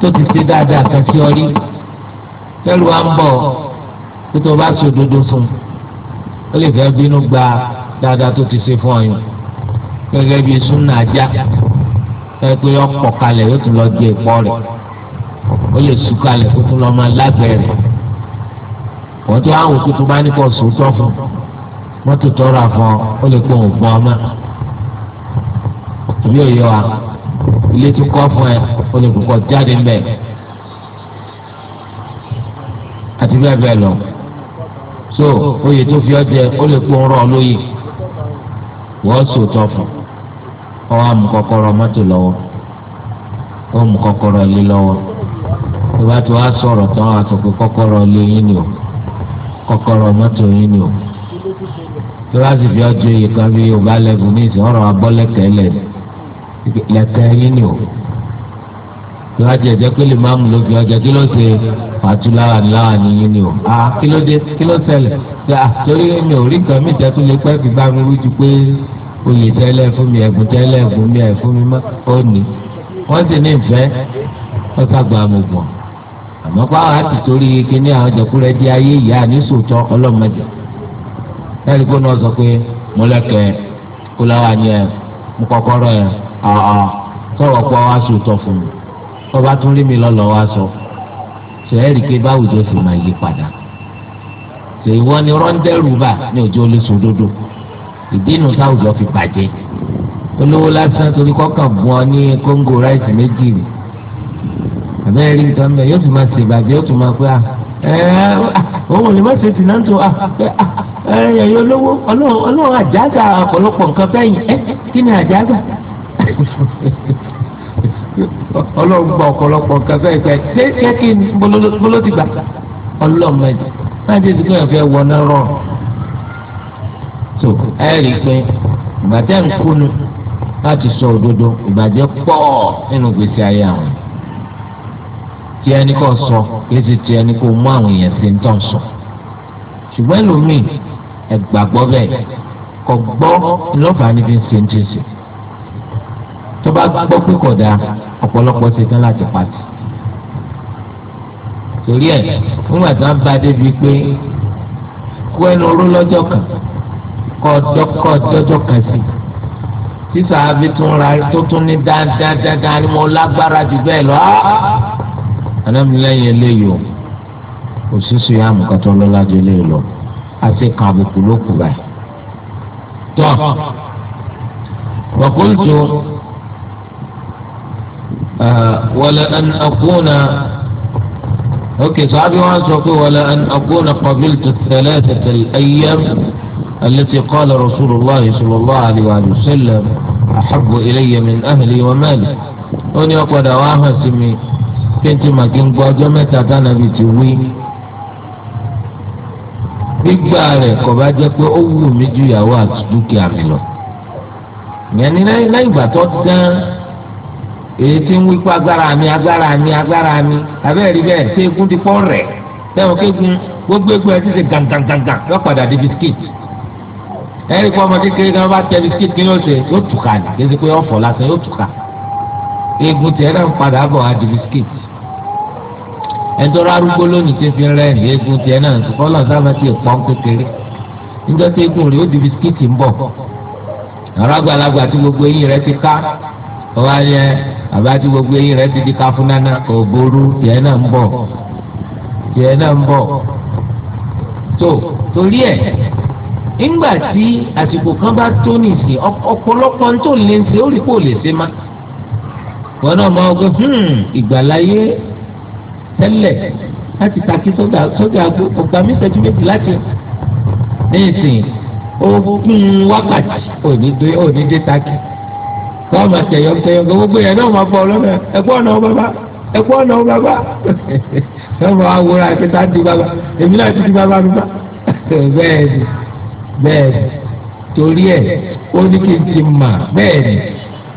tó ti ṣe dáadáa kan sí ọ rí lẹ́rù wa ń bọ̀ tó tó bá sọ òdodo fún un ó lè fẹ́ bínú gba dáadáa tó ti ṣe fún ọyàn gẹ́gẹ́ bíi súnà ajá ẹ pé ọ̀pọ̀ kalẹ̀ yóò tún lọ di ìpọ́ rẹ̀ ó lè sùn kalẹ̀ kó tún lọ máa lágbẹ̀ẹ́ rẹ̀ wọ́n ti àwọn òkú tó bá ní kọ́ sòótọ́ fún mọ́tò tọrọ àfọ ó lè pọ̀ òògùn ọmọ ìbí òye wa ilé tó kọ́ fún ẹ ó lè kókọ́ jáde mbẹ́ àti bẹ́ẹ̀ bẹ́ẹ̀ lọ so oyè tó fi ọ́ jẹ ó lè pọ̀ ọ̀rọ̀ lóye. wọ́n sòótọ́ fún ọ wà kọkọrọ kọ́kọ́rọ́ mọ́tò lọ́wọ́ ó lé lọ́wọ́ tó bá ti sọ̀rọ̀ tán á sọ lé yín ni o kọ́kọ́rọ́ mọ́tò yín ni o tó bá sì fi ọjọ́ iye kan bí o bá lẹ́gùn ní ìsìn ọ̀rọ̀ abọ́ lẹ́kẹ̀ẹ́ yín ni o tó bá tiẹ̀ jẹ́ pé lè máa mú ló fi kí ló ṣe ní yín ni o a kí ló dé kí ló ṣẹlẹ̀ torí mi ò rí nǹkan mi oyè tẹ́lẹ̀ fún mi ẹ̀bùn tẹ́lẹ̀ fún mi ẹ̀fún mi mọ́ ó ní wọ́n sì ní ìfẹ́ wọ́n sàgbà àmùgbọ̀n àmọ́ pa àwọn àti torí kíní àwọn jẹ̀kúrẹ́ di ayé ìyá àníṣòótọ́ ọlọ́mọdé lẹ́yìn kó náà sọ pé mọ́lẹ́kẹ́ kó ni ẹ̀ mú kọ́kọ́rọ́ ẹ̀ ọ̀ọ́ sọ̀rọ̀ pọ̀ wá sòótọ́ fún mi ọba tún rí mi lọ́lọ́ wá sọ sọ̀rọ̀ ẹ̀ báwùjọ sì máa yí padà ṣèwọ́n ni rọ́ńdẹ́rù bá ní òjò lè sòdodo ìdínú sáwùjọ fi bàjẹ́ olówó lásán torí kọ́kàn bu ọ ní kóńgò ráìsì méjì ni àbẹ́rẹ́ rí nǹkan mẹ́ yóò tún máa ṣèbàjẹ́ yóò tún máa pé à òun ò lè má ṣe tì náà tó ẹ̀yẹ olówó ọlọ́run àjàgà ọ̀pọ̀lọpọ̀ nǹkan bẹ́yìn ẹ́ kí ni àjàgà (laughs) ọlọ́run gba ọ̀pọ̀lọpọ̀ nǹkan bẹ́yìn pé ṣé kí ni bolo ti gbà ọlọ́run mẹ́jọ máa ń ṣe ìdíkọ̀ yẹn fẹ́ wọ náà rọrùn so ẹ rí i pé ìbàjẹ́ ń kúnu láti sọ òdodo ìbàjẹ́ pọ̀ nínú gbèsè ayé àwọn tí ẹni kò sọ kí ti ti ẹni kò mú àwọn èèyàn sí ń tàn sọ ṣùgbọ́n ẹlòmíì ẹ gbàgbọ́ bẹ́ẹ̀ kò gbọ́ ńlọ́fà níbi ń ṣe ń ṣe tó bá gbọ́ pé kò dáa ọ̀pọ̀lọpọ̀ ṣe tán láti pàtì torí ẹ̀ nígbà tí wọ́n bá débi pé kó ẹnu oró lọ́jọ́ kan kọjọkọ jọjọ kan sí tí sàábì tún ra tó tún ní dáadáa ni mo lágbára jù bẹ́ẹ̀ lọ anamílẹ́yìn ah, ah, ah. eléyìí o kò sí sùyàmù kàtó eléyìí lọ àti kan àbùkù ló kù báyìí. tọ́ wàkúntù uh, wàlẹ̀ ẹn àkúnà ókè sàábì wọn sọ pé wàlẹ̀ ẹn àkúnà kọ̀bílì tẹ̀lẹ́ tẹ̀lẹ́ التي قال رسول الله صلى الله عليه وآله وسلم أحب إلي من أهلي ومالي أني أقعد واها سمي كنت ما كنت جمعت أنا بتوي gbígbà rẹ̀ kò bá jẹ́ pé ó wù mí ju ìyàwó àti dúkìá mi lọ. ìyẹn ní lẹ́yìn ìgbà tó dán èyí tí ń wí pé agbára mi agbára mi agbára mi abẹ́rẹ́ rí bẹ́ẹ̀ ṣé egun ti pọ́ rẹ̀ tẹ́wọ̀n kégun gbogbo egun ẹ ti ṣe gàǹgàǹgàǹgàǹ yọ padà di bisikíìtì. ẹni kó ọmọ kékeré kan bá tẹ bisikíìtì kí ló ṣe yóò tùkà ní kéde pé ọ̀fọ̀ lásán yóò tùkà eegun tiẹ̀ náà padà bọ̀ àdì bisikíìtì ẹ̀ńtọ́rọ̀ arúgbó lónìí tẹ́ fi rẹ́ ní eegun tiẹ̀ náà sùkọ́lọ̀ sábà ti pọ́n kékeré níjọ́ tí eegun rẹ̀ ó di bisikíìtì ń bọ̀ ọ̀rọ̀ àgbàlagbà tí gbogbo eyín ti ká yẹ àbá gbogbo eyín rẹ̀ ti di ká fún nánà ògbóró tiẹ̀ náà ń nígbà tí àsìkò kan bá tó nìsín ọ̀pọ̀lọpọ̀ tó lè ṣe ó rí kó lè ṣe má wọn náà máa gbé hmm, ìgbàláyé tẹ́lẹ̀ láti takí sọ́jà ọgbà mi ṣẹ́jú méjì láti nìsín ogún wákàtí òní dé òní dé takí wọ́n máa tẹ̀yọ́ tẹ̀yọ́ gbogbo yẹn náà máa bọ̀ lọ́wọ́ ẹ̀gbọ́n náà bàbá ẹ̀gbọ́n náà bàbá (laughs) wọ́n máa wúra àti sáà di bàbá èmi náà ti di bàbá mi bá (laughs) bẹ́ẹ̀ ni bẹ́ẹ̀ ni torí ẹ̀ ó ní kí n ti mà bẹ́ẹ̀ ni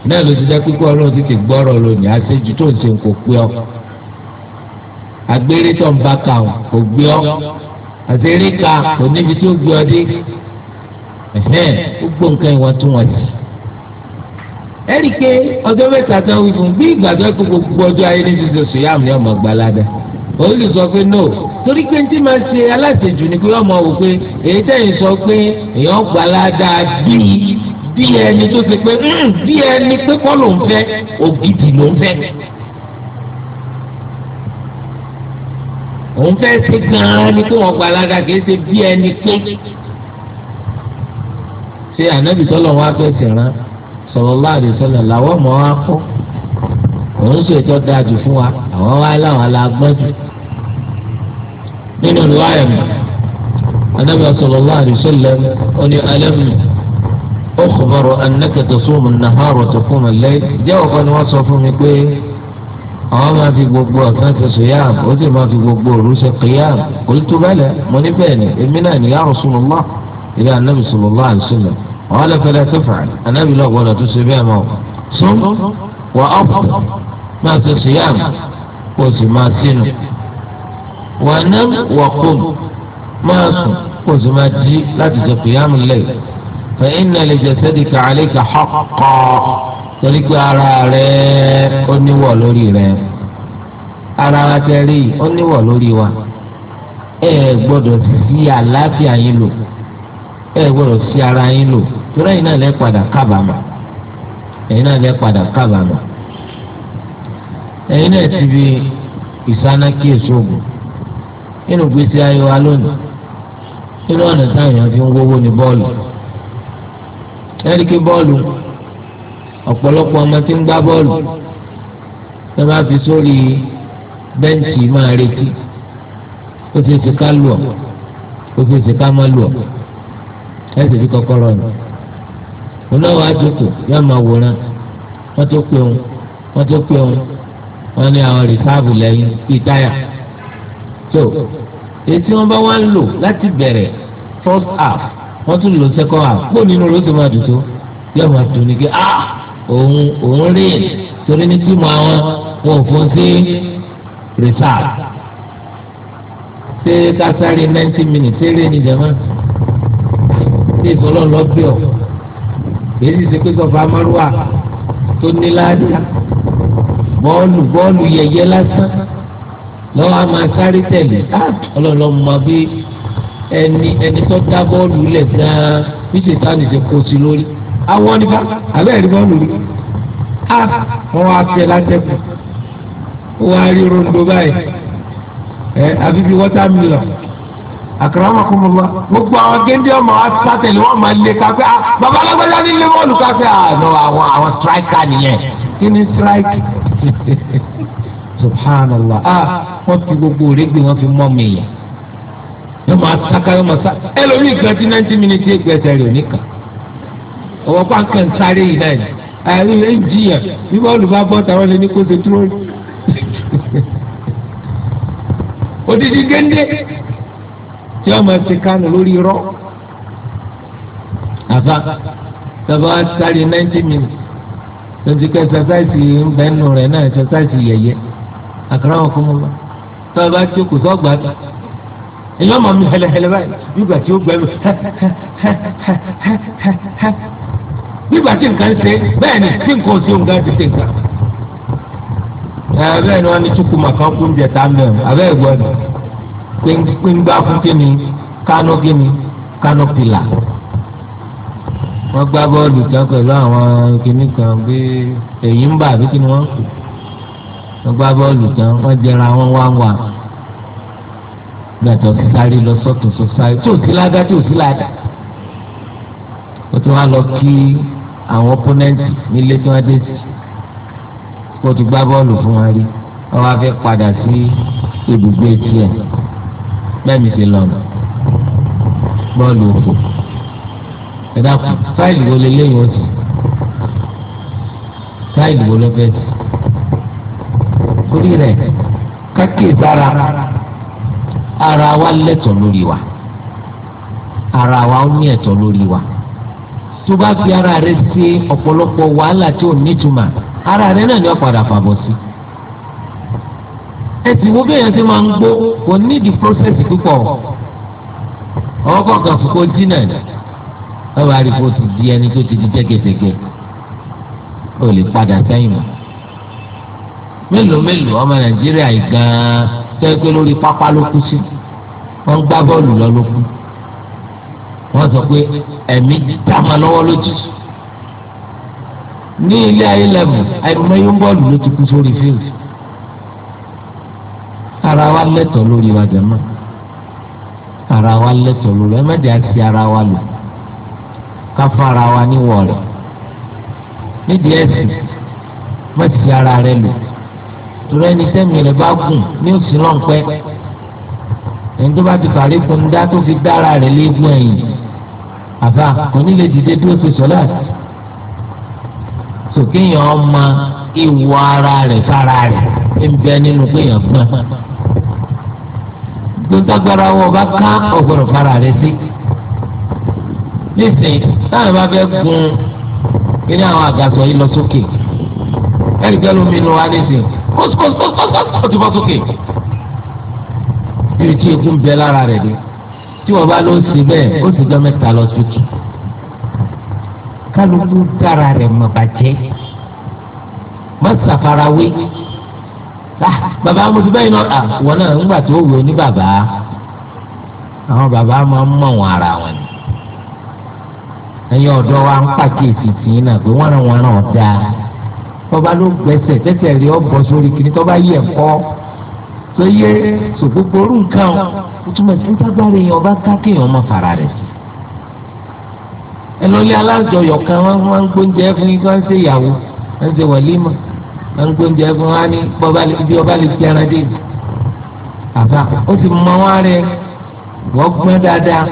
náà ló ti jẹ́ pípọ́ ọlọ́run ti ti gbọ́rọ̀ lónìí àṣejù tó ń ṣe kò pé ọ agbèrè tó ń bá ka ọ kò gbé ọ àṣeré ka kò níbi tó gbé ọ dé ẹ̀hẹ́n gbogbo nǹkan ìwọ̀ntúnwọ̀nsì ẹ̀rí pé ọjọ́ mẹ́ta tó ń wí fún bí ìgbàgbọ́ gbogbo ọjọ́ ayé ní ti sọ sùn yá mi ọmọ gbalada òun lè sọ pé no torí pé tí máa ṣe aláṣejù ni pé ọmọ wò pé èyí tẹ̀yìn sọ pé èèyàn gbà ládàá bíi bí ẹni tó ṣe pé hmm, bí ẹni pé kọ́ ló ń fẹ́ ògidì ló ń fẹ́. òun fẹ́ ṣe gan-an ni pé wọ́n gbà ládàá kì í ṣe bí ẹni pé. ṣé ànábì sọ́lọ̀ wá fẹsẹ̀ rán sallallahu alaihi wasallam làwọn ọmọ wa kọ́ òun ṣètò dáa fún wa àwọn wa láwọn alágbọ́n jù nínú riwaya mi anabi sallallahu alaihi wasallam oní alam ukhbaru annaka tasumu an-nahara wa taqumu al-layl jẹ́ ọ̀kan ni wọ́n sọ fún mi pé àwọn máa fi gbogbo ọ̀sán ṣe sòyàm ó sì máa fi gbogbo òru ṣe kìyàm qultu bala mo ní bẹ́ẹ̀ ni èmi náà ni ya Rasulullah ilé anabi sallallahu alaihi wasallam àwọn alẹ́fẹ́lẹ́ tó fà kó sì máa sínú. wànám wàkùm máa sùn kó o sì máa jí láti ṣe kìyàmù lẹ́yìn fa inna li ara rẹ ó lori lórí rẹ ara tẹ̀lé ó lórí wa ẹ gbọdọ sí àlàáfíà yín lò ẹ gbọdọ sí ara yín lò torí ẹ̀yin náà padà kábàámọ̀ ẹ̀yin náà lẹ́ padà náà ti fi ìsáná kí èso nínú gbèsè ayé wa lónìí nínú ọ̀nà táwọn èèyàn fi ń wówó ní bọ́ọ̀lù ẹ̀ríkì bọ́ọ̀lù ọ̀pọ̀lọpọ̀ ọmọ tí ń gbá bọ́ọ̀lù ẹ máa fi sórí bẹ́ǹtì máa retí ó ti ṣe ká lù ọ́ ó ti ṣe ká má lù ọ́ ẹ sì fi kọ́kọ́rọ́ nù òun náà wàá jókòó yóò máa wòran wọ́n tó pé òun wọ́n tó pé òun wọ́n ní àwọn rìsáàbù lẹ́yìn bíi táyà so ètí wọn bá wá ń lò láti bẹ̀rẹ̀ first half wọ́n tún lò second half kó nínú rẹ̀ ó ti máa dùn tó yóò máa dùn ní kí ah òun òun rí torí ní tíìmù àwọn wọn ò fún sí reserve ṣé kásáré ninety minutes ṣé rèé ni jẹ̀mọ́ ṣé ìsọlọ́ lọ bí ọ èyí sì ṣe pé sọfà amárùwà tó ní láàdá bọ́ọ̀lù bọ́ọ̀lù yẹyẹ lásán lọ́wọ́ a máa sáré tẹ̀lé ah, ọlọ́lọ́ mọ bí ẹni ẹni tó dá bọ́ọ̀lù lẹ̀ gan-an bí ṣètánì ṣe kó sí lórí àwọn nípa àbẹ́ẹ̀rí bọ́ọ̀lù rí ah, wọ́n wá fẹ́ látẹ́kùn wọ́n á rí rondo báyìí ẹ àbí bí wọ́tàmílọ̀ àkàràmà kò mọ̀ wá gbogbo àwọn géńdé ọmọ wa sátẹ̀lẹ̀ wọ́n máa lé káfẹ́ à ah, bàbá alágbèjà ní ilé bọ́ọ̀lù káfẹ́ à àwọn àwọn striker nìyẹn kí ni strike. (laughs) subhanallah ah wọ́n ti gbogbo òrègbè wọ́n fi mọ́ mi yẹn yóò máa saka yóò máa sa ẹlòmíì kan tí náà ń tí mi ní tí ègbè ẹsẹ̀ rẹ̀ nìkan ọ̀wọ́ pàǹkà ń sáré yìí náà ni àyàwó ilé ń jiyàn bí bọ́ọ̀lù bá bọ́ tàwọn lè ní kó ṣe dúró rí (laughs) odidi géńdé tí wọ́n máa ṣe kánú lórí irọ́ àfa tọ́ba sáré náà ń tí mi ti kẹ́ ẹ̀sẹ̀ ń bẹ́ẹ̀ nù rẹ̀ náà ẹ̀sẹ̀ yẹ̀yẹ́ àkàrà wọn fún mi lọ tó o bá jókòó tó gbà tó ilé ọmọ mi hẹlẹhẹlẹ báyìí nígbà tí ó gbẹ mi nígbà tí nǹkan ṣe bẹ́ẹ̀ ni tí nǹkan ṣe nǹkan ti ṣe nǹkan. ẹ bẹ́ẹ̀ ni wọ́n ní chukwu màkà ọkùnrin jẹ tá mẹ́rin abẹ́ ẹ̀gbọ́n ni pínpínpá fún kíni kánú kíni kánú pìlà. wọ́n gbá bọ́ọ̀lù kan pẹ̀lú àwọn kìnnìkan bí èyí ń bà bí kí wọ́n kù wọ́n gbá bọ́ọ̀lù tán wọ́n jẹra wọn wá wà gbàtọ̀ sáré lọ sọ́tún tó sáré tí ò sí ládá tí ò sí ládá ó tún wá lọ kí àwọn opponenti nílé tí wọ́n dé sí kó ti gbá bọ́ọ̀lù fún wọn rí wọ́n wá fẹ́ padà sí ibùgbé tiẹ̀ bẹ́ẹ̀ni ti lọ́nà bọ́ọ̀lù òfò ẹ̀dá fáìlì wo lélẹ́yìn oṣù fáìlì wo lọ́fẹ́ẹ́ sí. torí rẹ̀ kákìí sára ara wa lẹ́tọ̀ọ́ lórí wa ara wa ó ní lórí wa tó bá fi ara rẹ̀ ṣe ọ̀pọ̀lọpọ̀ wàhálà tí ò ara re náà ni ó padà fàbọ̀ sí wo bẹ́ẹ̀ yẹn ti máa ń gbó kò di process púpọ̀ ọkọ̀ fúnpọ̀ jìnnà wá rí di ẹni tó ti di jẹ́gẹ́jẹ́gẹ́ ó lè padà sẹ́yìn mélòó mélòó ọmọ nàìjíríà yìí gan-an tẹ́ pé lórí pápá ló kú sí wọ́n gbá bọ́ọ̀lù lọ ló kú wọ́n sọ pé ẹ̀mí dàmà lọ́wọ́ lójú ní ilé ayé lẹ́mù àìmọye bọ́ọ̀lù ló ti kú sórí fíìlì ara wa lẹ́tọ̀ọ́ lórí wa mọ́ ara wa lẹ́tọ̀ọ́ lórí ẹ àti ara wa lò ká fara wa níwọ̀ rẹ̀ nídìí ẹ̀sìn mẹ́tẹ̀ẹ́ ara rẹ̀ lò tùrẹ́ ni tẹ́mi rẹ̀ bá gùn ní òsì lọ́npẹ́ ẹni tó bá ti fàrí kun dá tó fi dára rẹ̀ léegun ẹ̀yìn àbá òní lè dìde dúró fi sọ́lá sòkè yẹn ọmọ ìwọ ara rẹ̀ fara rẹ̀ ń bẹ nínú pé yẹn gbọ́n gbọ́dọ̀gbọ́dọ̀ bá ká ọ̀gbọ̀dọ̀ fara rẹ̀ sí nísìnyí táwọn bá fẹ́ gun kí ni àwọn àgàsọ yìí lọ sókè ẹnìkan ló mi nù wá nísìn kóṣkóṣkóṣkó ti bọ́ sókè ibi tí egun bẹ lára rẹ̀ dé tí wọ́n bá ló ń sin bẹ́ẹ̀ ó sì jọ mẹ́ta lọ tútù kálukú dára rẹ̀ mọ̀ bàjẹ́ má ṣàfarawé ah, bàbá amúti bẹ́ẹ̀ náà ah, wọn náà ńgbà tó wù ú ní bàbá àwọn bàbá máa ń mọ̀ wọn ara wọn ni ẹ̀yin ọ̀dọ́ wa ń pàkíyèsí tì í náà tọba ló gbẹsẹ̀ tẹsẹ̀ rí ọbọ sórí kìnnì tọba yí ẹ kọ tó yé sògbogbo orú nǹkan o túmọ̀ sí sábàárẹ̀ yẹn ọba ká kéèyàn má fara rẹ̀ sí. ẹ lọ lé alájọyọ̀ kan wọn wọn ń gbóúnjẹ fún yín kí wọn ń ṣe ìyàwó wọn ń ṣe wàlímà wọn ń gbóúnjẹ fún wọn ní bí ọba lè fi ara dé àbá ó sì mọ wọn rẹ wọ́n gbọ́n dáadáa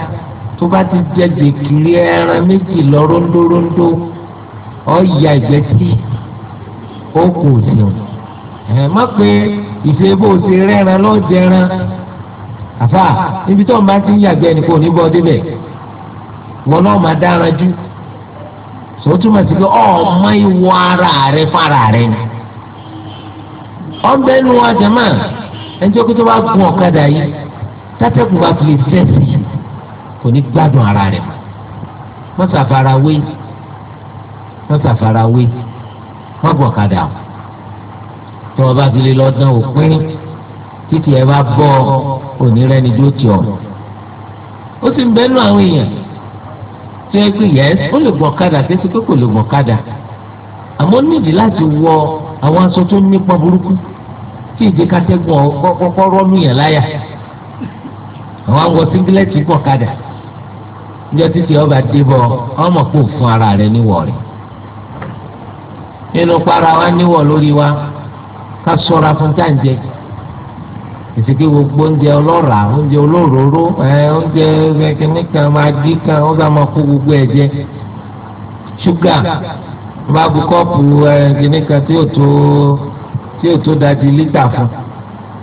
tó bá ti jẹ jẹ kiri ẹran méjì lọ róńdó róńdó ọ̀ ya ìgbẹ́ sí i ó kù òsì ẹ má pé ìṣe bó ṣe rẹ́ran ló jẹran àfà níbi tó ń bá ti ń yàgbẹ́ ni kò ní bọ́ débẹ̀ wọn náà máa dára jù sọtúmọ̀ sí pé ọmọ ìwọ ara rẹ fara rẹ ni ọbẹ̀ nu àjẹmọ́ ẹni tó kí tó bá gun ọ̀kadà yìí tátẹ́kùn bá fi lè fẹ́ẹ̀sì kò ní gbádùn ara rẹ̀ mọ́ sàfarawé mọ́ sàfarawé má gbọ́ kadà o tí wọ́n bá fi lè lọ dán òpin títí ẹ bá bọ́ onírẹ́ni tó tì ọ́ ó sì ń bẹ́nu àwọn èèyàn tí wọ́n gbé yẹn ó lè gbọ́ kadà tẹ́sí pé kò lè gbọ́ kadà àmọ́ nídìí láti wọ àwọn aṣọ tó nípa burúkú tí ìdí kátẹ́gùn ọ̀kọ́kọ́ rọ́ọ̀nù yẹn láyà àwọn awọ singilẹ́tì gbọ́ kadà ìjọ títí ọba débọ̀ ọmọ kò fún ara rẹ níwọ̀ rẹ̀ nínú para wa níwọ̀ lórí wa ká sọra fún táǹjẹ ìsìnkú gbogbo oúnjẹ ọlọ́ra oúnjẹ olóróró oúnjẹ kìnnì kan máa dí kan ó bá máa kó gbogbo ẹ̀ jẹ ṣúgà bá bu kọ́ọ̀pù kìnnì kan tí yóò tó tí yóò tó dajì lítà fún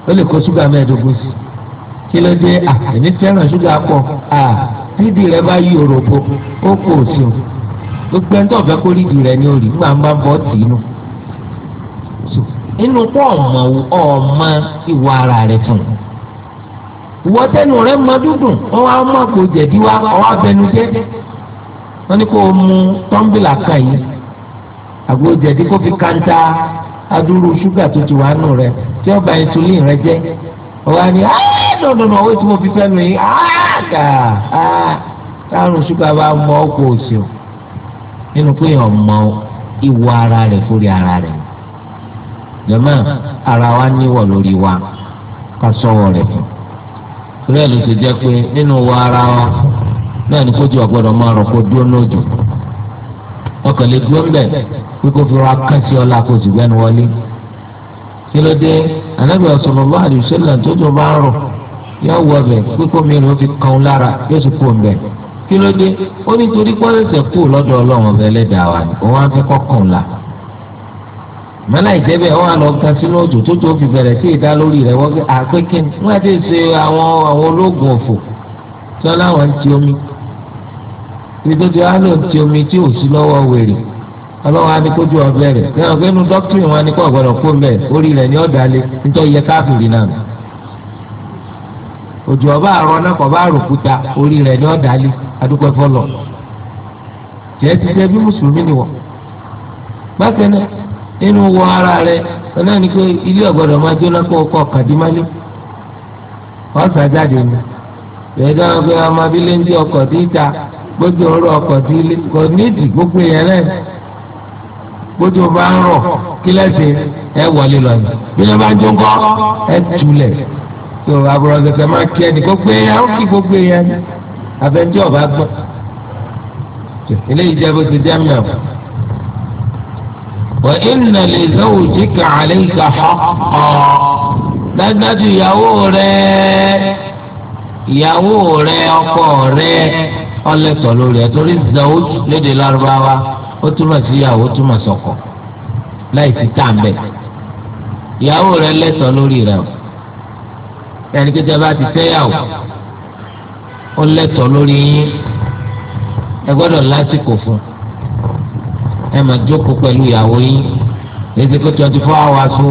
ó lè kó ṣúgà mẹ́ẹ̀ẹ́dógún sí kí ló dé à èmi fẹ́ràn ṣúgà pọ̀ à dídì rẹ bá yí òròpo ó kò sí o gbogbo ẹni tó ọ̀fẹ́ kó rí ìdí rẹ ní orí nígbà máa ń bọ́ tì í nù. inú pọ̀ ọ̀mọ̀ ọ̀mọ ìwà ara rẹ̀ fún un. tẹnu rẹ mọ dúdùn wọn wá mọ kò jẹ̀dí wá ọwọ́ abẹnujẹ́ wọn ní kó o mu tọ́ḿbìlà kan yìí àgbo jẹ̀dí kó fi káńtà adúrú ṣúgà tó ti wà nù rẹ tí ó bà insulin rẹ jẹ́ ọwọ́ ni dọ̀dọ̀nà ah, owó tí mo fi fẹ́ mi àgà àrùn ṣúgà bá mọ ọkọ̀ òsì o nínú pé èèyàn mọ ìwọ ara rẹ̀ fúri ara rẹ̀ jọ̀mọ́ ara wa níwọ̀ lórí wa ká sọ̀wọ́ rẹ̀ fún torí ẹ̀ ló ti jẹ́ pé nínú wọ ara wa náà ní kójú ọ̀gbọ́dọ̀ máa rọ̀ kó dúró lójú ọkàn lè dúró ńbẹ̀ pé kó fi ra kán sí ọlá kó sì gbẹ́nu wọlé kí ló dé Ànábì sallallahu alaihi wasallam tójú bá ń rọ̀ yóò wọ ọbẹ̀ pé kó mi rò fi kàn lára yóò sì kú ọbẹ̀. kí ló dé ó nítorí pé ọ̀sẹ̀ kú lọ́dọ̀ ọlọ́run ọbẹ̀ ẹlẹ́dàá wa ni òun á fi kọ́kàn la mọ́lá ìjẹ́bẹ̀ wọn á lọ ga sínú òjò tó tó fi bẹ̀rẹ̀ sí ìdá lórí rẹ̀ wọ́n ti ṣe àwọn ti omi ibi tó ti wá lò ti omi tí ò sí lọ́wọ́ wèrè ọlọ́wọ́ adékójú ọbẹ̀ rẹ̀ ní inú wọn kó orí rẹ̀ ọ̀dà lé nítorí yẹ adúgbò fọlọ tiẹ̀ ti jẹ́ bí mùsùlùmí ni wọ́n bákan náà nínú wọ ara rẹ̀ náà ni pé ilé ọ̀gbọ́dọ̀ máa jóná kó o kọ́ kàdímálé wọ́n sá jáde ní ìrẹ̀dá wọn pé ọmọ abílẹ̀ ń di ọkọ̀ tí ń ta gbójú ọ̀rọ̀ ọkọ̀ tí ń lé kò nídìí gbogbo èèyàn náà gbójú bá ń rọ̀ kí lẹ́sìn ẹ wọlé lọ yìí bí wọ́n bá ń jókòó ẹ tulẹ̀ tó àbúrò ọ̀sẹ̀ máa kí ẹnì gbogbo èèyàn ó kí gbogbo èèyàn ní abẹ́ntí ọba gbọ́ eléyìí jẹ́ bó ti jẹ́ mìíràn. wà ìnà lè zọ́wọ́ jí ká àlẹ́ ìka ọ̀ọ́ dájúdájú ìyàwó rẹ ìyàwó rẹ ọkọ rẹ ọlẹ́tọ̀ lórí ẹ̀ torí zọ́wọ́ léde lárúbáwá ó túmọ̀ sí ìyàwó túmọ̀ sọ̀kọ̀ láì sí tàǹbẹ̀ ìyàwó rẹ lẹ́tọ̀ lórí rẹ o ẹnikẹ́ni bá ti fẹ́ yàwó ó lẹ́tọ̀ọ́ lórí yín ẹ gbọ́dọ̀ lásìkò fún ẹ máa jókòó pẹ̀lú ìyàwó yín ètò pé twenty four hours ó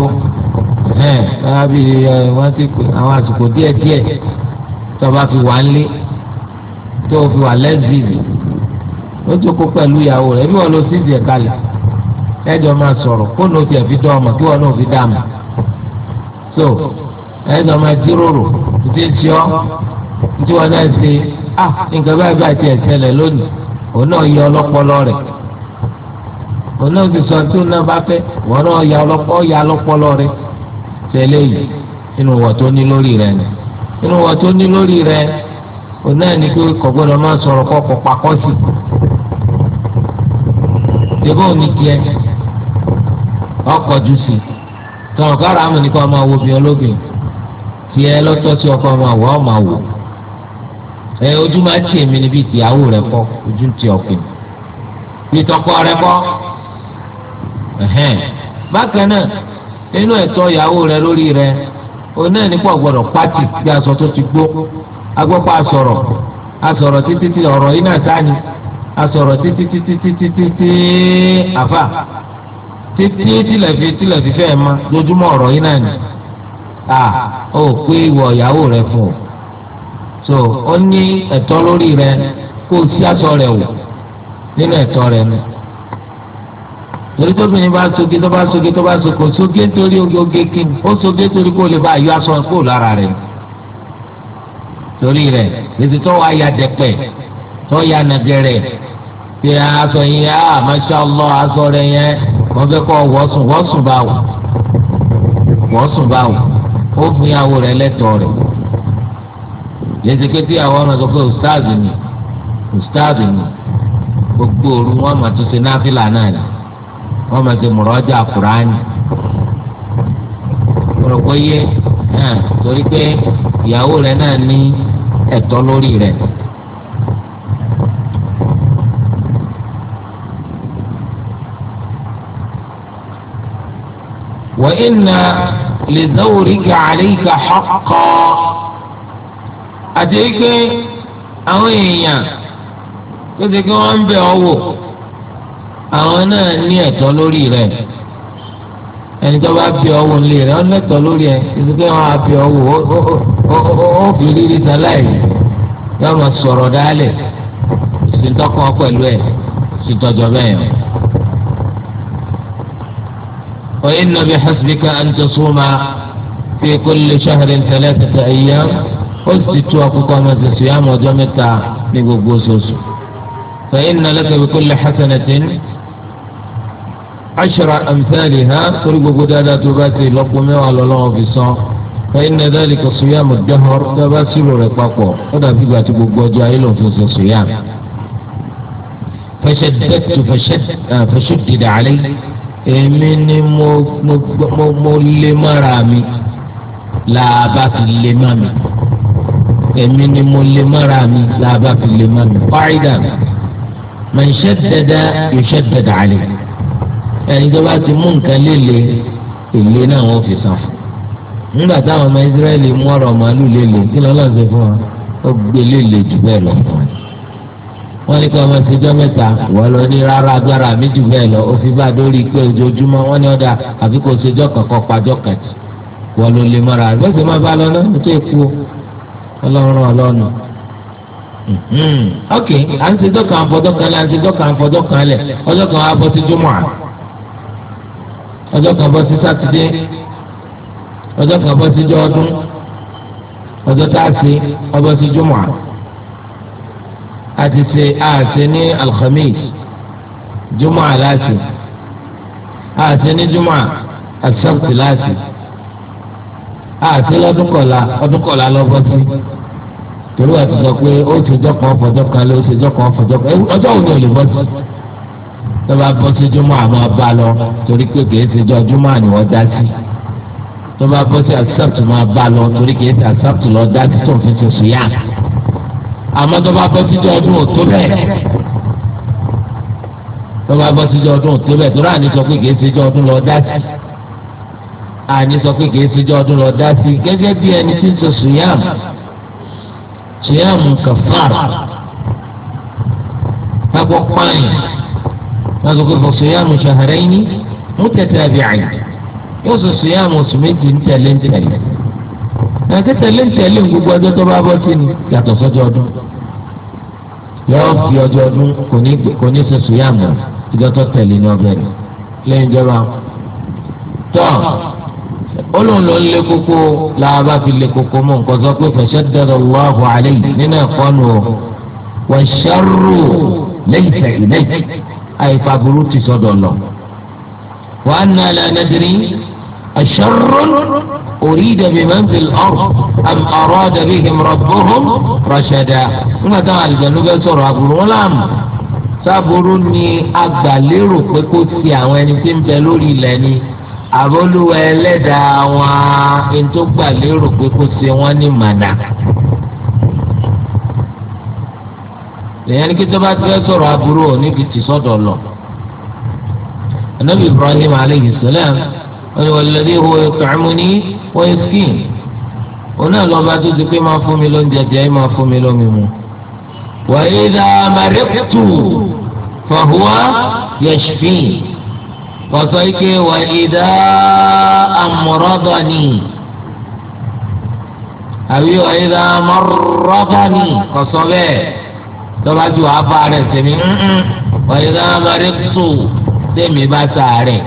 ẹ ẹ bí wọ́n ti pè àwọn àsìkò díẹ̀ díẹ̀ tó bá fi wà nílé tó fi wà lẹ́sìlì ó jókòó pẹ̀lú ìyàwó rẹ̀ ẹ̀mí wọn ló sì jẹ̀ kalẹ̀ ẹ̀jọ̀ máa sọ̀rọ̀ kó ló tiẹ̀ fi dán ọmọ kí wọn náà fi dá mọ̀ so ẹ̀jọ̀ máa jíròrò títí tí ọ́. tí wọn náà ṣe à ah, nǹkan báyìí bá tiẹ̀ ṣẹlẹ̀ lónìí òun náà yọ ọlọ́pọlọ rẹ̀ òun náà ti sọ tí òun náà bá fẹ́ wọn náà yọ ọlọ́pọlọ rẹ̀ tẹ́lẹ̀ yìí nínú wọ̀ tó ní lórí rẹ̀ ni nínú wọ̀ tó ní lórí rẹ̀ òun náà ní máa sọ̀rọ̀ kọ́ ẹ ojú máa tì èmi níbi ìtìyàwó rẹ kọ ojú ti ọ̀pẹ bí tọkọ rẹ kọ bákan náà nínú ẹ̀tọ́ ìyàwó rẹ lórí rẹ òun náà nípa ọ̀gbọ́dọ̀ pátì bí aṣọ tó ti gbó agbọ́pọ̀ asọ̀rọ̀ asọ̀rọ̀ títí tí ọ̀rọ̀ yìí náà sáni asọ̀rọ̀ títí títí títí títí àfà títí tìlẹ̀fì tìlẹ̀fì fẹ́ẹ̀ ma lójúmọ́ ọ̀rọ̀ yìí náà ni à ó pé ìwọ ìyàwó rẹ fún ọ so ó ní ẹ̀tọ́ lórí rẹ kó o sí aṣọ rẹ wò nínú ẹ̀tọ́ rẹ ni torí tó bìnrin bá soge tó bá soge tó bá soge kò soge nítorí oge kí ni ó soge nítorí kó o lè bá yọ aṣọ kó o lára rẹ torí rẹ lèsì tó wàá ya dẹpẹ tó ya nàgẹrẹ tí aṣọ yẹn a ah, masha Allah aṣọ rẹ yẹn wọn fẹ́ kọ wọsùn wọsùn báwò wọsùn báwò ó fún yàwó rẹ lẹ́tọ̀ọ́ rẹ yẹsẹ pé tí àwọn ọmọ sọ pé ustaazi ni ustaazi ni gbogbo òru wọn máa tún ṣe náfìlà náà ni wọn máa ṣe mùrọ́jà kùránì rògbò yé torí pé ìyàwó rẹ náà ní ẹ̀tọ́ lórí rẹ. وإن لزورك عليك حقا àti ike àwọn èèyàn tó ti kí wọ́n ń bẹ̀ ọ́ wò àwọn náà ní ẹ̀tọ́ lórí rẹ̀ ẹni tó bá bẹ̀ ọ́ wò ń lè rẹ̀ ọ́ lẹ́tọ̀ lórí ẹ̀ ìdí kí wọn á bẹ̀ ọ́ wò ó fi rírí tán láì yóò máa sọ̀rọ̀ dálẹ̀ sì ń tọkàn pẹ̀lú ẹ̀ sì tọjọ́ bẹ́ẹ̀ yẹn. وإن بحسبك أن تصوم في كل شهر ثلاثة أيام ó sì tú ọkùnkọ́ ọmọ ṣẹṣẹ yá mọ́ ọjọ́ mẹ́ta ní gbogbo oṣooṣù. فإن لك بكل حسنة عشر أمثالها ترجو بدالا تباتي لقم الله في صار فإن ذلك صيام الدهر تباسل رقاقه هذا في ذات بوجاهل في الصيام فشددت فشد فشدد علي إمني مولي مرامي لا بات لمامي èmi ni mo lè mọ́ra mi làbá fi lè mọ́ mi fáyidà mà ń ṣe dada yóò ṣe dada àlè ẹni tó bá ti mú nǹkan lélẹ̀ èlé náà wọ́n fi san fún nígbà táwọn ọmọ Ísírẹ́lì mú ọ̀rọ̀ màálù lélẹ̀ kí lọ́lọ́ ṣe fún wọn ó gbé lélẹ̀ jù bẹ́ẹ̀ lọ fún wọn wọ́n ní kí ọmọ ìṣèjọ́ mẹ́ta wọ́n lọ ní rárá agbára mi jù bẹ́ẹ̀ lọ ó fi bá dórí pé ojoojúmọ́ wọ́n ní ọ̀dà àfi kò kankan pàjọ́ kàtì wọ́n ló lè mọ́ra àgbẹ̀sẹ̀ má bá lọ náà nítorí kú o ọlọ́run ọlọ́nu. Hmm. ok à ń ṣe dọ́kà ń fọdọ́ kan lẹ̀ à ń ṣe dọ́kà ń fọdọ́ kan lẹ̀ ọjọ́ kan á bọ́ sí júmọ̀ à ọjọ́ kan bọ́ sí sátidé ọjọ́ kan bọ́ sí jọ́ọdún ọjọ́ tá a ṣe ọbọ̀ sí júmọ̀ à àti ṣe àṣe ní alhamis júmọ̀ à láti àṣe ní júmọ̀ à àṣàbùtì láti àti lọ́dún kọ̀la ọdún kọ̀la lọ́bọ́ sí torí wà ti sọ pé ó ti ọjọ́ kan fọjọ́ kan lé ó ti ọjọ́ kan fọjọ́ kan ọjọ́ òní ò lè bọ́ sí tó bá bọ́ sí júmọ́ àmọ́ bá lọ torí pé kìí ṣe jọ júmọ́ àni wọ́n dá sí tó bá bọ́ sí àṣàpùtù máa bá lọ torí kìí ṣe àṣàpùtù lọ dá sí tó fi ṣe sùúyà àmọ́ tó bá bọ́ sí jọ ọdún ò bẹ́ẹ̀ tó bá bọ́ sí jọ ọdún ò bẹ́ẹ̀ tó rà sọ pé kìí ṣe jọ ọdún lọ dá sí àní sọ pé kìí síjọ́ ọdún lọ dá sí gẹ́gẹ́ bí ẹni tí ń sọ sùyàm sùyàm kàfàrà pápọ̀ pààyàn wọ́n sọ pé fọ sùyàm ṣàhárẹ́yìn mú tẹ̀tẹ̀ àbí àyè yóò sọ sùyàm oṣù méjì ń tẹ̀lé ń tẹ̀lé nàìjíríà tẹ̀lé ń tẹ̀lé gbogbo ọjọ́ tó bá bọ́ sí ni yàtọ̀ sọ́jọ́ ọdún yọ̀ọ́ fi ọjọ́ ọdún kò ní sọ sùyàm ìjọ tó tẹ̀lé ní ọbẹ̀ rẹ̀ lẹ́yìn ìjọba tọ́ olóhùn ló ń lé koko làbá fi lé koko mọ nǹkan sọ pé fashaddada Allahu alayhi nínú ẹ̀kọ́ nù ọ́ wa sharru laysa ilayhi àyíká burú ti sọ́dọ̀ lọ. wa anna la nadri asharrun urida biman fil ard am arada bihim rabbuhum rashada. nígbà táwọn àlùjànnú bẹ́ẹ̀ sọ̀rọ̀ àbúrò wọn láàmú sábúrú ni agbàlérò pé kó ti àwọn ẹni tí ń bẹ lórí ilẹ̀ ni àbólúwa ẹlẹ́dàá wọn tó gbà lérò pé kó ṣe wọ́n ní mànà. lèyìn ní kí tó bá tẹ́ sọ̀rọ̀ aburú ò ní fi tì sọ́dọ̀ lọ. anabi ibrahim aleyhi salam wọn ni walladhi huwa yut'imuni wa yasqin. òun náà lọ́ba tó ti pé máa fún mi lóúnjẹ jẹ́ máa fún mi lómi mu. wa idha maritu fa huwa yashfin kọsọ ike wà ìdá amúrọ́dọ̀nì àbí wà ìdá amúrọ́dọ̀nì kọsọ bẹ́ẹ̀ tọ́ba ju àbá rẹ̀ sẹ́mi wà ìdá amárẹ́tù sẹ́mi bá sàárẹ̀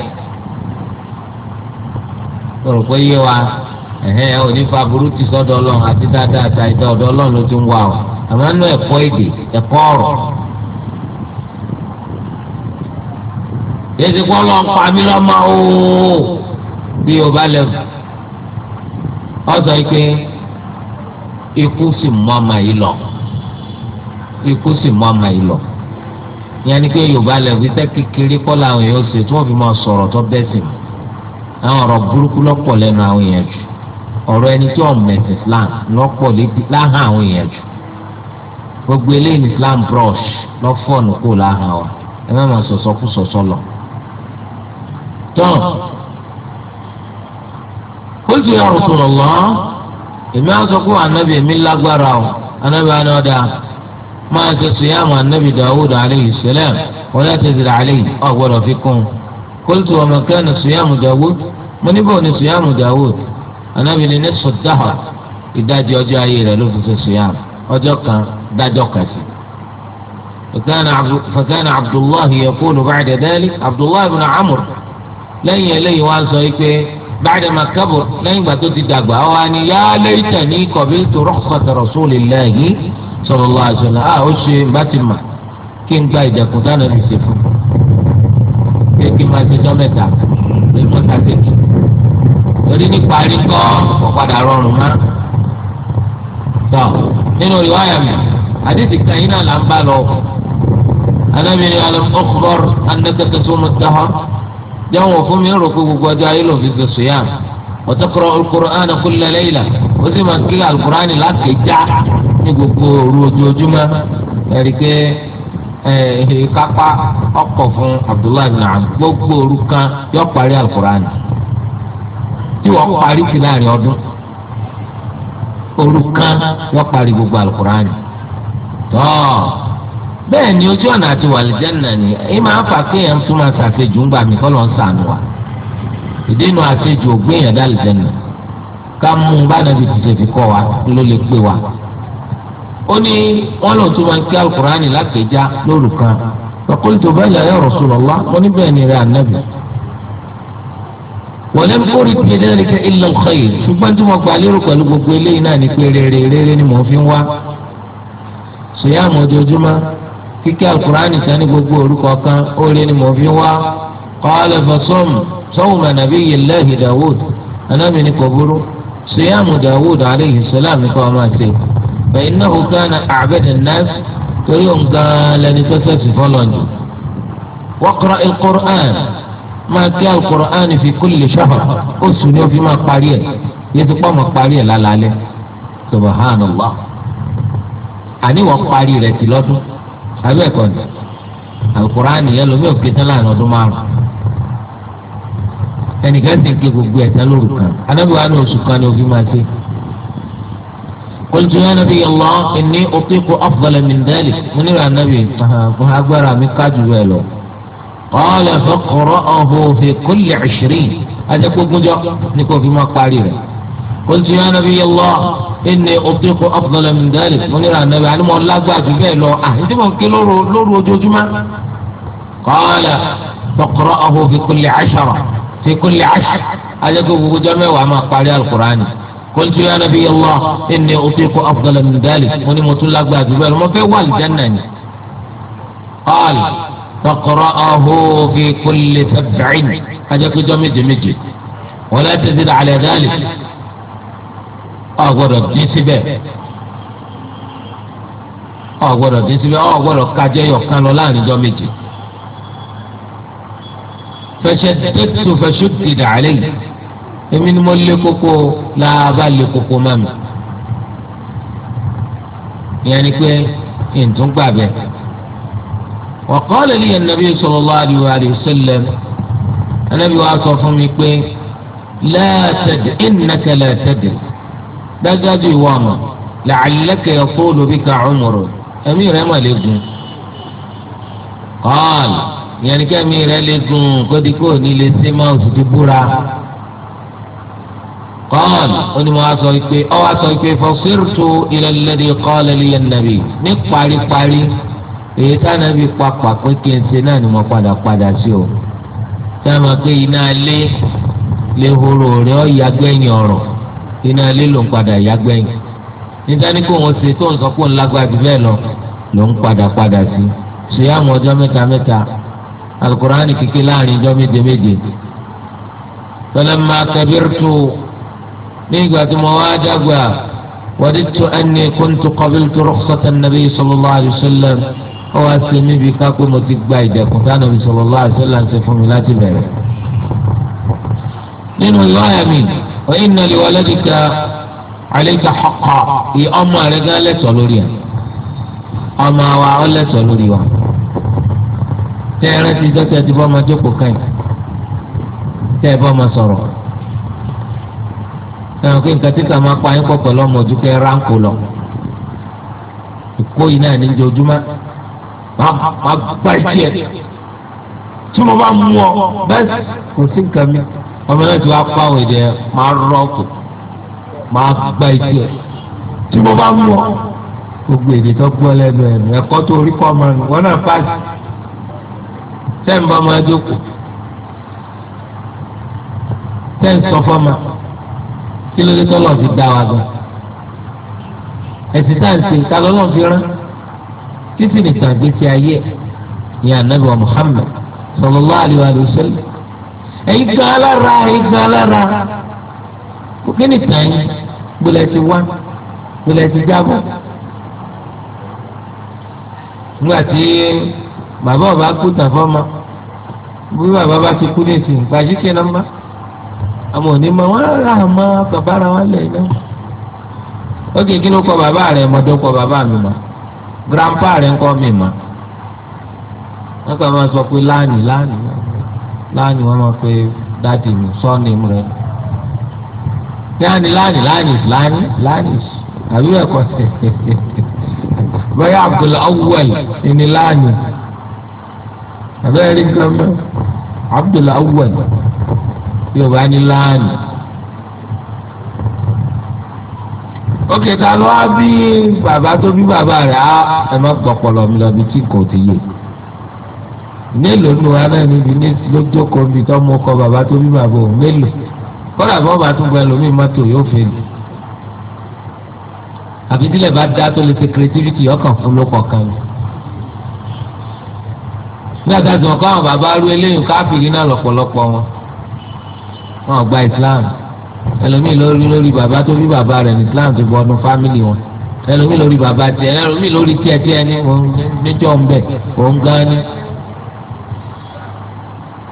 tọ̀rọ̀ pé yé wa ẹ̀hẹ́n òní burúkú sọ́dọ̀ ọlọ́run àti dáadáa ta ìdá ọ̀dọ̀ ọlọ́run ló ti ń wà ọ́ àmọ́ nínú ẹ̀kọ́ èdè ẹ̀kọ́ ọ̀rọ̀. èsì kọ́ lọ ń ooo bí yorùbá lẹ́wọ̀ ọ sọ ike ikú sì mú ọmọ yìí lọ ikú sì mú ọmọ yìí lọ ìyẹn ni pé yorùbá lẹ́wọ̀ iṣẹ́ kékeré kọ́ làwọn ṣe tí fi máa tó àwọn burúkú àwọn èèyàn jù ẹni tí Islam láhàn àwọn èèyàn jù gbogbo eléyìí Islam brush wa ẹ má máa sọsọ kú sọsọ lọ. tán ó sì yà Rasulullah èmi á sọ fún anabi èmi lágbára o anabi á ní ọ̀dà máa ṣe sùyàmù anabi Dawud alayhi salam wa la tazid alayhi ọ̀gbọ́dọ̀ fi kún un qultu wa ma kana sùyàmù Dawud mo ní bò ní sùyàmù Dawud anabi ní nisfu dahr ìdajì ọjọ́ ayé rẹ̀ ló fi ṣe sùyàmù ọjọ́ kan dájọ́ kan فكان عبد الله يقول بعد ذلك عبد الله بن عمرو lẹ́yìn eléyìí wọ́n á sọ pé báyìí ma kábò lẹ́yìn ìgbà tó ti dàgbà wọ́n á ní yá lẹ́yìn tẹ̀lé kọ̀bí tó rukhsata rasulillahi sallallahu alaihi wasallam ah, ó ṣe bátìmà kí n gba ìjẹ̀kùn dáná fi ṣe fún un kí n máa ṣe jọ́mẹ́ta lẹ́yìn ọ̀tá tẹ̀kì torí nípa rí ọ̀padà rọrùn má. tọ́ nínú ìwáyà mi àdìsí kan náà là ń bá lọ. anábìrin alẹ́ ọkùnrin anẹ́tẹ̀kẹ́sọ́mọ́tàhọ́ jáwọn fún mi ń rò pé gbogbo ọjọ́ ayé ló fi ṣe sùyàm ọ̀tọ́kọ̀rọ̀ alukur'an kulla layla ó sì máa kílẹ̀ alukur'an láti já ní gbogbo òru ojoojúmọ́ ẹ̀rí pé ìkápá ọkọ̀ fún abdullahi naam gbogbo òru kan yóò parí alukur'an tí wọ́n parí sí láàrin ọdún òru kan yóò parí gbogbo alukur'an tọ́ọ̀ bẹ́ẹ̀ ni ojú ọ̀nà àti wàlìjẹ́nà ni èyí máa ń fà pé ẹ̀ ń tún máa ṣàṣejù ń gbà mí kọ́ ló ń sànù wa ìdènà àṣejù ògbé yẹn dá lìjẹ́nà ká mú un bá nàbì tìṣe fi kọ́ wa ló lè pé wa. ó ní wọn lòun tún máa ń kí alukurani lápèjá lóru kan lọ́kùnrin tó bá yà ya Rasulullah mo ní bẹ́ẹ̀ ni rẹ̀ ànábì. wọ́n lé kórè tiẹ̀ dẹ́rẹ́ kẹ́ illa al-khayr ṣùgbọ́n tí mo gbà lérò pẹ̀lú gbogbo eléyìí náà ni pé rere rere ni mò ń fi wá. àmọ́ ojoojúmọ́ kíkẹ́ alukur'ani kan ní gbogbo orúkọ kan ó lé ní mọ̀fí wá qala fasum sawma nabiyyillahi Dawud anábì ní kò burú siyamu Dawud aleyhi salam ní kò máa ṣe fa innahu kana a'bada an-nas torí òun gan lẹni tó sẹ́sì fọlọ́njì waqra al-Qur'an máa kí alukur'an fi kulli shahr oṣù ni ó fi máa parí ẹ̀ yẹtù pọ́ mọ́ parí ẹ̀ lálálẹ́ subhanallah àníwọ̀ parí rẹ̀ ti lọ́dún abẹ́ ẹ̀kọ́ ni alukuraani yẹn lomi òkè tán láàrin ọdún márùn ẹnìkan sì ń ké gbogbo ẹ̀ tán lóru kan anábìwá ní oṣù kan ni òfin máa ṣe. قلت يا نبي الله إني أطيق أفضل من ذلك من يا النبي فأقبل من قاجبه قال فاقرأه في كل عشرين هذا كو قجا نكو في ما قاريره قلت يا نبي الله إني أطيق أفضل من ذلك من يرى النبي عليه الله قاعد في لو أهد ممكن لورو لورو جوجما قال تقرأه في كل عشرة في كل عشر أجاكم جمع وما قال القرآن قلت يا نبي الله إني أطيق أفضل من ذلك من يموت الله قاعد في ما في والجنة قال تقرأه في كل سبع أجاكم جمع ولا تزيد على ذلك ọ gbọ́dọ̀ dín síbẹ̀ ọ gbọ́dọ̀ dín síbẹ̀ ọ gbọ́dọ̀ kájẹ yọkan lọ láàrin ọjọ́ méje fẹsẹ tètè fẹsẹ tètè àlẹ yìí èmi ni mo lé koko làbá lé koko má mi ìyẹn ni pé ntún gbà bẹ wa qala li an-nabi sallallahu alayhi wa sallam anabi wa sọ fún mi pé la tadri innaka la dájúdájú ìwọ ọmọ làálẹkẹ yaqulu bika umru ẹ̀mí rẹ mà léegun kọl yẹnikẹmi rẹ léegun kódìkó ní lè ṣe máa oṣù tó búra kọl onímọ̀ asọ ìpè ọwọ́ asọ ìpè fasirtu ila alladhi qala nàbì ní paríparí èyí tánàbí papà pé kí n ṣe náà ni mo padà padà sí o sáà pé iná lé lè horo rẹ ọ̀ yàgbẹ́yìn ọ̀rọ̀ iná lílo ń padà yá gbẹ̀yìn níta ní kó wọn ṣe tó ń sọ pé ń lágbára jù bẹ́ẹ̀ lọ ló ń padà padà sí ṣe àwọn ọjọ́ mẹ́ta mẹ́ta alukur'ani kìkì láàrin ọjọ́ méje méje falamma kabirtu ní ìgbà tí mo wá dàgbà waditu anni kuntu qabiltu rukhsata nabi sallallahu alayhi wa sallam ó wá sí mi bí kápé mo ti gba ìdẹ̀kùn tánàbí sallallahu alayhi wa sallam ṣe fún mi láti bẹ̀rẹ̀ nínú ìwáyà mi wa inna li waladika alayka haqqan ìyá ọmọ rẹ gán lẹ́tọ̀ọ́ lórí ẹ̀ ọmọ wa ọ lẹ́tọ̀ọ́ lórí wa tẹ́ ẹ rántí dọ́tẹ́ ti bọ́ ọmọ jókòó káyìn tẹ́ ẹ bọ́ ọmọ sọ̀rọ̀ ẹ̀rọ kí nǹkan títà máa pa yín pọ̀ pẹ̀lú ojú kẹ́ ránkò lọ ìkó yìí náà ní ojoojúmọ́ máa gbá ìdí ẹ̀ tí mo bá mú ọ bẹ́ẹ̀ kò sí nǹkan mi ọmọ náà ti wá pa àwọn èdè máa rọ́ọ̀kù máa gba ìdí ẹ̀ tí mo bá mú ọ gbogbo èdè tó gbọ́ lẹ́nu ẹ̀mí ẹ̀kọ́ tó rí kọ́ ọmọ nù wọ́n náà pàṣẹ tẹ́ǹbà máa jókòó tẹ́ǹsọ̀ fọ́mà kí ló dé tọ́lọ̀ fi dá wa gan ẹ̀sìn táǹsì ta lọ́lọ́ fi rán títí nìkan gbèsè ayé ìyá anábìwá Muhammad sallallahu alaihi wa sallam. ẹ̀yin gan alára ẹ̀yin gan alára kò kí ni tàn yín gbọ́dọ̀ ti wá gbọ́dọ̀ ti jábọ̀ nígbà tí bàbá ọba kú ma bí bàbá bá ti kú ní ìsìn gbàjú kí nọ́mbà àmọ́ òní ma wọ́n ra ma bàbá ara wọn Oge bàbá bàbá mi mi ma. wọ́n máa sọ pé láàánì láàánì wọn máa pe dáàdì mi sọ́ọ̀nì mu rẹ láàánì láàánì láàánì láàánì láàánì àbí ẹ̀kọ́ bẹ́ẹ̀ (laughs) Abdul Awwal ẹni láàánì abẹ́rẹ́ nǹkan mọ́ Abdul Awwal yóò bá ní láàánì. ókè ta ló wá bí bàbá tó bí bàbá rẹ̀ á ẹ̀ má gbọ́pọ̀lọ́ mi lọ tí kò ti yé mélòó ni wàá náà níbi ní lójó kan bí tó mú kọ bàbá tó bí bàbá òun mélòó kọ́dà bọ́ bá tún gba ẹlòmíì mọ́tò yóò fẹ́ lù àbí bá dá tó lè ṣe creativity ọkàn fún ló kọ̀ọ̀kan ni. ní àtàtì wọn kọ́ àwọn bàbá arú eléyìí káfíìrì náà lọ́pọ̀lọpọ̀ wọn wọn gba Islam ẹlòmíì lórí lórí bàbá tó bí bàbá rẹ̀ ní Islam ti bọ́nu fámìlì wọn ẹlòmíì lórí bàbá tiẹ̀ ẹlòmíì lórí tiẹ̀ tiẹ̀ ní òun méjọ́ ń bẹ̀ òun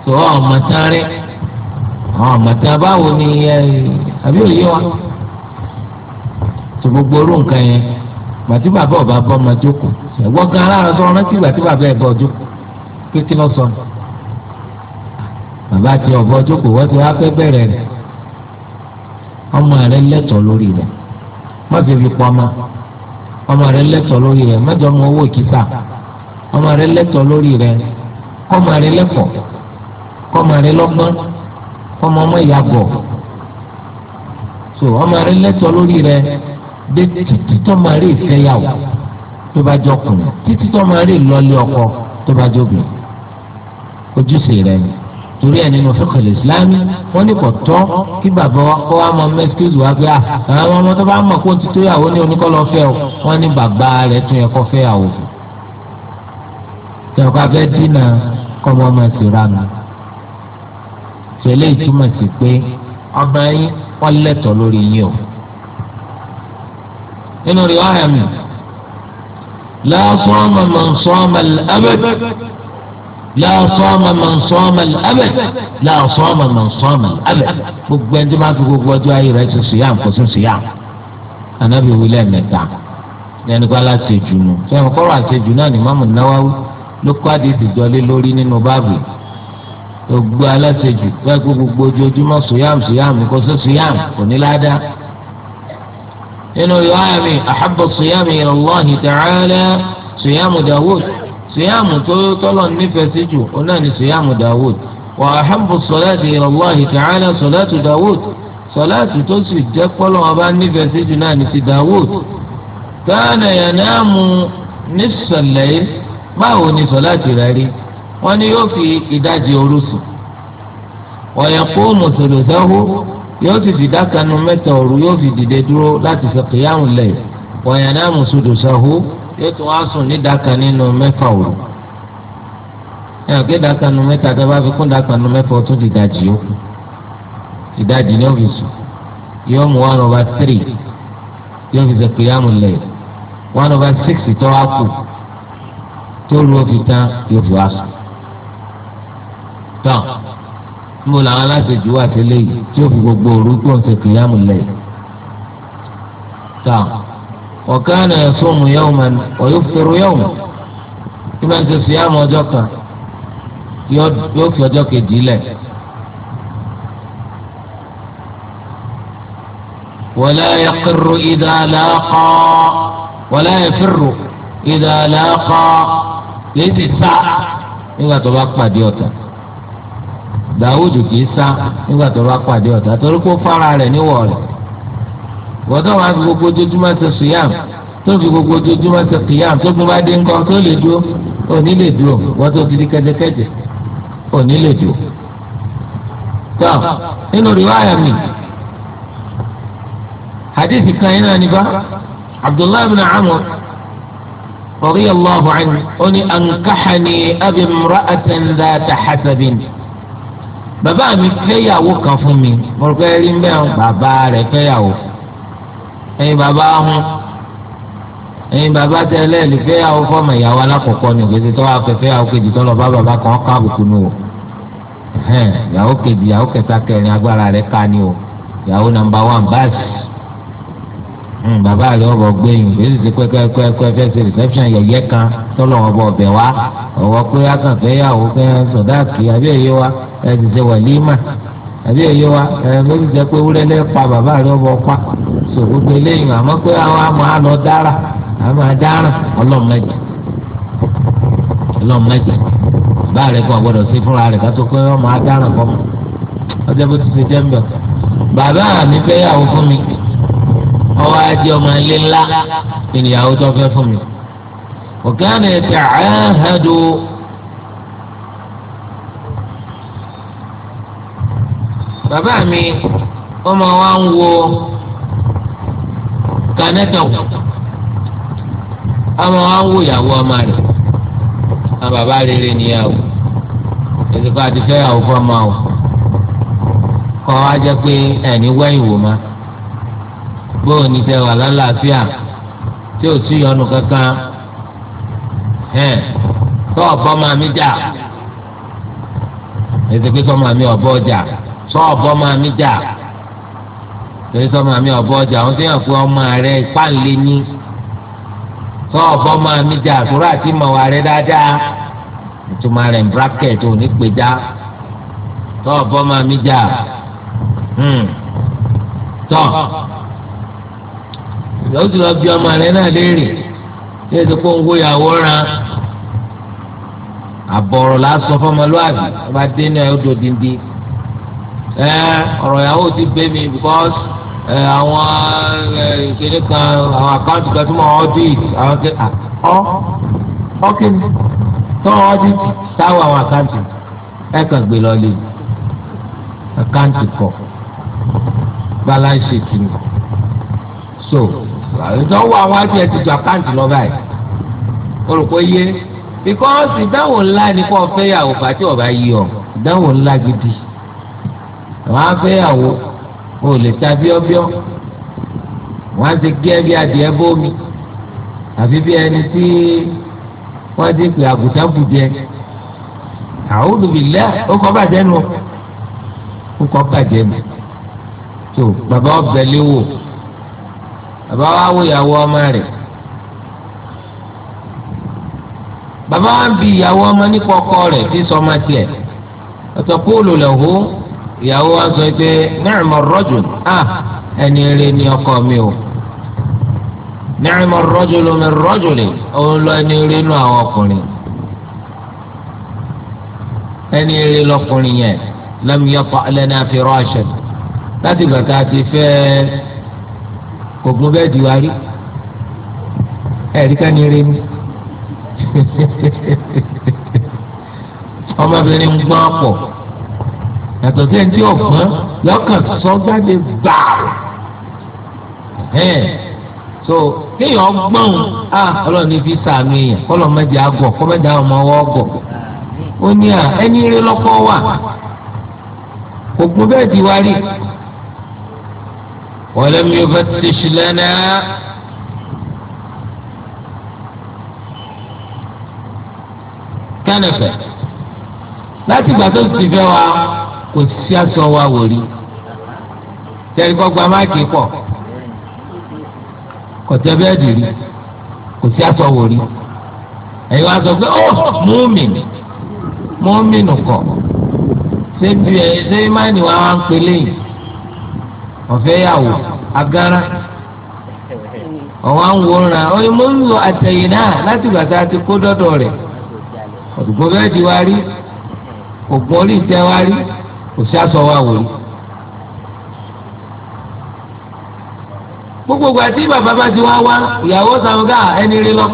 tó ọmọ tán rí ọmọ tán báwo ni ẹ àbí òye wa tó gbogbo orú nǹkan yẹn gbàtí bàbá ọba bọ́ ọmọ jókòó ẹ̀gbọ́n gan alára sọ rántí gbàtí bàbá ẹ̀ bọ́ jókòó pé kí ló sọ bàbá ti ọ̀bọ jókòó wọ́n ti wá fẹ́ bẹ̀rẹ̀ rẹ̀ ọmọ rẹ lẹ́tọ̀ọ́ lórí rẹ̀ má fi fi pamọ́ ọmọ rẹ lẹ́tọ̀ọ́ lórí rẹ̀ má jọ ọmọ owó ìkísà ọmọ rẹ lẹ́tọ̀ọ́ lórí rẹ̀ kọ́ rẹ lẹ́kọ̀ọ́ kọ́mọ rẹ lọ́gbọ́n kọ́mọ ọmọ ìyá gọ̀ so ọmọ rẹ lẹ́tọ̀ lórí rẹ dé títí tọ́mọ rẹ ìfẹ́yàwó tó bá jọ kùnà títí tọ́mọ rẹ lọ́lé ọkọ tó bá jọ bìí ojúṣe rẹ ni torí ẹ nínú fíkọlì islámì wọn ní kò tọ́ kí bàbá wa kọ àmọ́ mẹsíkìlì wa pé ah, àwọn ọmọ tó bá mọ̀ kó ti tó yàwó ní oníkọlọ o wọn ní bàbá rẹ tún yẹ kó fẹ́ yàwó. ìjọba fẹ́ dínà kọ́mọ́ ọmọ sẹlẹ̀ ìtumọ̀ sí pé ọba yín wọ́n lẹ́tọ̀ lórí yín o. nínú rí ọ̀hẹ́ mi lásán ọmọ mọ̀ nsọ́ ọmọ abẹ́ lásán ọmọ mọ̀ nsọ́ ọmọ abẹ́ lásán ọmọ mọ̀ nsọ́ ọmọ abẹ́ gbogbo ẹni tó máa fi gbogbo ọjọ́ ayé rẹ̀ ti sùyàm kò sí sùyàm anábì wílẹ̀ mẹ́ta ẹni kó aláṣẹ jù nù sẹ́wọ̀n kọ́rọ̀ àṣejù náà ni mọ́mù náwáwí ló kọ́ àdìsí jọlé lórí nínú báàbù yìí gbogbo aláṣejù wọ́n kó gbogbo ojoojúmọ́ sùyàm sùyàm kò sí sùyàm kò ní ládàá. nínú riwaya mi ahabba sùyàm ila Allah ta'ala sùyàm Dawud sùyàm tó tọ́lọ̀ nífẹ̀ẹ́ sí jù ọ̀nà ni sùyàm Dawud wa ahabbu salati ila Allah ta'ala salatu Dawud salatu tó sì jẹ́ pọ́lọ́ wọn nífẹ̀ẹ́ sí jù náà ni ti Dawud. kana yanamu nisfal báwo ni salati rẹ̀ rí wọ́n ní yóò fi ìdajì òru sùn ọ̀yàn kó mùsùlùmí yóò sì fi dákanu mẹ́ta òru yóò fi dìde dúró láti ṣe kìyàmù lẹ̀ ọ̀yàn náà mùsùlùmí yóò tún wá sùn ní dákan nínú mẹ́fà òru ẹ̀ ọ̀gẹ́ dákanu mẹ́ta tó bá fi kún dákanu mẹ́fà ó di ìdajì yòókù ìdajì ni ó fi sùn yóò mú one over three yóò fi ṣe lẹ̀ one over six tó wá kù tó lu òfin tán yóò fi wá sùn tán níbo làwọn aláṣejù wà sílé yìí tí ó fi gbogbo òru tó ń ṣe kìyàmù lẹ̀ tán ọ̀kánà ẹ̀sùnmù yawman ọ̀yọ́fẹ̀rù yawman tí wọ́n ti fi àmọ́ ọjọ́ kan yóò fi ọjọ́ kejì lẹ̀. wala yaqirru idha laqa wala yafirru idha laqa lè sá nígbà tó bá pàdé ọ̀tá dàwùdù kì í sá nígbà tó bá pàdé ọ̀tá torí kó fara rẹ̀ níwọ̀ rẹ̀ gbọ́dọ̀ wá fi gbogbo ojoojúmọ́ ṣe sùyàm tó fi gbogbo ojoojúmọ́ ṣe kìyàm tó fi bá dé ńkọ tó lè dúró òní lè dúró wọ́n tó ti di kẹ́jẹkẹ́jẹ òní lè dúró. tó nínú rìwáyà mi hadithi kan yín náà abdullahi bin amr radiyallahu anhu ó ní ankaxani abimra'atan data hasabin bàbá mi fẹ́yàwó kan fún mi mo rò pé rí mẹ́rin bàbá rẹ̀ fẹ́yàwó ẹ̀yin bàbá hun ẹ̀yin bàbá tẹ́lẹ̀ lè fẹ́yàwó fọ́ọ̀mù ìyàwó alákọ̀ọ́kọ́ ni gbèsè tó wà fẹ́ fẹ́yàwó kejì tó lọ bá bàbá kan ká àbùkù nù o ìyàwó kejì ìyàwó kẹta kẹrin agbára rẹ̀ ká ni o ìyàwó nàmbà wàn báàsì. Hmm, bàbá rẹ̀ ọ̀bọ̀ gbẹ̀yìn èyí ti pẹ́ pẹ́ pẹ́ fẹ́ ṣe reception yẹ̀yẹ́ kan tọ́lọ̀ ọ̀bọ̀ ọ̀bẹ̀ wá ọ̀wọ́ pé akànfẹ́ yàwó fẹ́ sọ̀dáàkì àbí èyí wa ẹ̀ ti ṣe wàlímà àbí èyí wa ẹ̀ ló ti jẹ́ pé wúlẹ́ lẹ́ pa bàbá rẹ̀ ọ̀bọ̀ pa so gbogbo eléyìí àmọ́ pé àwọn àmọ́ àlọ́ dára àmọ́ àdára ọlọ́mọdé ọlọ́mọdé bàbá rẹ̀ kọ́ gbọ́dọ̀ sí fúnra rẹ̀ kátó pé ọmọ àdára kọ́ ọjọ́ bó ti ṣe jẹ́ mbẹ́ bàbá mi fẹ́ yàwó fún mi ọwọ́ ajé ọmọ ilé ńlá ìyàwó tó fẹ́ fún mi. وكان يتعاهد bàbá mi wọ́n máa wá ń wo kanẹ́tọ̀ wọ́n máa wá ń wo ìyàwó ọmọ rẹ̀ wọ́n bàbá rere níyàwó ètò ìpàdé fẹ́ yàwó fọ́ ọmọ o kọ́ wa pé ẹ̀ ní wẹ́yìn máa bóò ní tẹ wà lálàáfíà tí ò sí yọnu kankan ẹn tó ọ̀bọ máa mi jà ètò pé tó máa mi ọ̀bọ jà tó ọ̀bọ máa mi jà torí tó máa mi ọ̀bọ jà àwọn tó yàn pé ọmọ rẹ pàǹlẹ ní tó ọ̀bọ máa mi jà àtúrò àti ìmọ̀wà rẹ dáadáa ìtumọ̀ rẹ̀ ń bracket òní péjá tó ọ̀bọ máa mi jà hmm. tọ́ yóò ti lọ bí ọmọ rẹ náà léèrè tí ètò kó ń ìyàwó ran àbọ̀rọ̀ lásán fọmọlúwàbí wọ́n bá dé náà yóò dò ẹ ọ̀rọ̀ ìyàwó ti gbé mi because ẹ àwọn ìkéde kan àwọn àkáǹtì kan tó mọ audit àwọn ké ọ ọ kí ni tó audit táwọn àwọn àkáǹtì ẹ kàn gbé lọ lé àkáǹtì kọ balance sheet ni so àwùjọ wọ àwọn àti ẹ ti ju àkáǹtì lọ báyìí o rò pé yé because ìdáhùn ńlá ni kò fẹ́ yàwó pàtí ọ̀bá yí ọ ìdáhùn ńlá gidi àwọn afẹ́yàwó o lè ta bíọ́bíọ́ wọ́n á ti gé bí adìẹ bómi àfi bí ẹni tí wọ́n ti pè àgùtà bùjẹ àwùjọ bìlẹ̀ ó kọ́ bàjẹ́ nù ó kọ́ bàjẹ́ nù tó bàbá ọbẹ̀ léwò bàbá wa wo ìyàwó ọmọ rẹ̀ bàbá wa ń bi ìyàwó ọmọ nípa ọkọ rẹ̀ tí sọmọ tiẹ̀ ọ̀tọ̀ kóòlù lẹ̀hó ìyàwó wa sọ pé ni'ma ar-rajul à ah, ẹni rẹ ni ọkọ mi o ni'ma ar-rajulu min rajuli òun lọ ẹni rẹ nù àwọn ọkùnrin ẹni rẹ lọkùnrin yẹn lam yata' lana firashan láti gbàgbà ti fẹ́ẹ́ kò gbọ́ bẹ́ẹ̀ di wa rí ẹ̀rí ká ní rẹ́mi ọmọbìnrin ń gbọ́n pọ̀ yàtọ̀ sí ẹni tí ò gbọ́n lọ́kàn sọ́gbàdé gbàù so kéèyàn gbọ́n a ọlọ́run ní fi sàánú èèyàn kọ́lọ́ mẹ́jẹ àgọ̀ kọ́mẹ́jẹ àwọn ọmọ ọwọ́ ọgọ̀ ó ní à ẹni rí lọ́kọ́ wà ògùn bẹ́ẹ̀ di wa rí. ولم يفتش لنا kánẹfẹ láti gbà tó ti fẹ́ wa kò sí aṣọ wa wò rí tẹ̀lé kọ́gbà máàkì pọ̀ kò tẹ́ bẹ́ẹ̀dì rí kò sí aṣọ wò rí ẹ̀yin wa sọ pé ó oh, mùmínì mùmínì kọ̀ ṣé bí ẹ ṣé imáàni wa wá ń pelé yìí. ọfẹ yàwó agárá ọ̀wọ́n àwòrán ọ̀yẹ́ mo ń lo àtẹ̀yìn náà láti gbà tá a ti kó dọdọ rẹ ọ̀dùnkún bẹ́ẹ̀ di wá rí ògùn orí ìtẹ́ wá rí kò sí aṣọ wa wò gbogbo ìgbà tí bàbá bá ti wá wá ìyàwó sàmúgà ẹni rí wà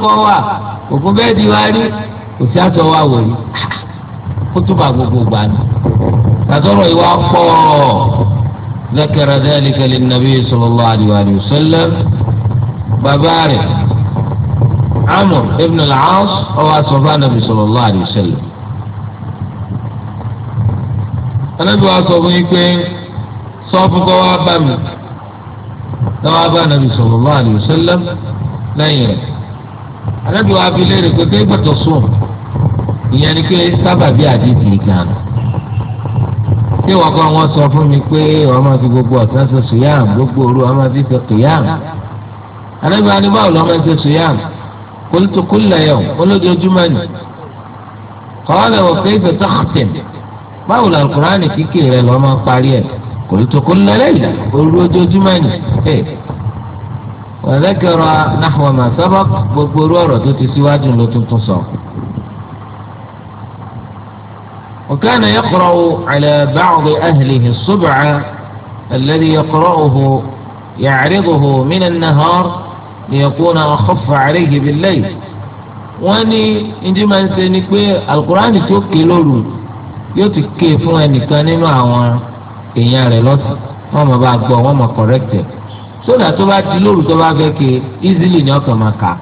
ògùn di rí kò sí aṣọ wa wò túbà gbogbo ìgbà ìwà pọ̀ ọ́. ذكر ذلك للنبي صلى الله عليه وآله وسلم بابارك عمر ابن العاص هو أصفى النبي صلى الله عليه وسلم أنا دعا يقول صفق وابم دعا النبي صلى الله عليه وسلم لا يرد النبي أبي ليرك كيف تصوم يعني كيف سبب يا ديتي ṣé wọn kọ́ wọn sọ fún mi pé wọn máa fi gbogbo ọ̀sán ṣe sùyàm gbogbo òru wọn máa fi ṣe sùyàm anábìá ni báwo lọ́ máa ṣe sùyàm qultu kulla yawm olójoojúmọ́ ni qala wa kayfa takhtim báwo lọ alukur'an kíkì rẹ lọ́ máa parí ẹ̀ qultu kulla layla òru ojoojúmọ́ ni wa dhakara nahwa ma gbogbo òru ọ̀rọ̀ tó ti síwájú ló tuntun sọ. وكان يقرأ على بعض أهله الصبع الذي يقرأه يعرضه من النهار ليكون أخف عليه بالليل واني انجي ما نسيني القرآن توكي لولو يوتي كيف واني كان ينوع وانا كي ياري لوس وما بعد وما كوركت سولا توبا تلولو توبا بكي ازيلي نيوكا مكا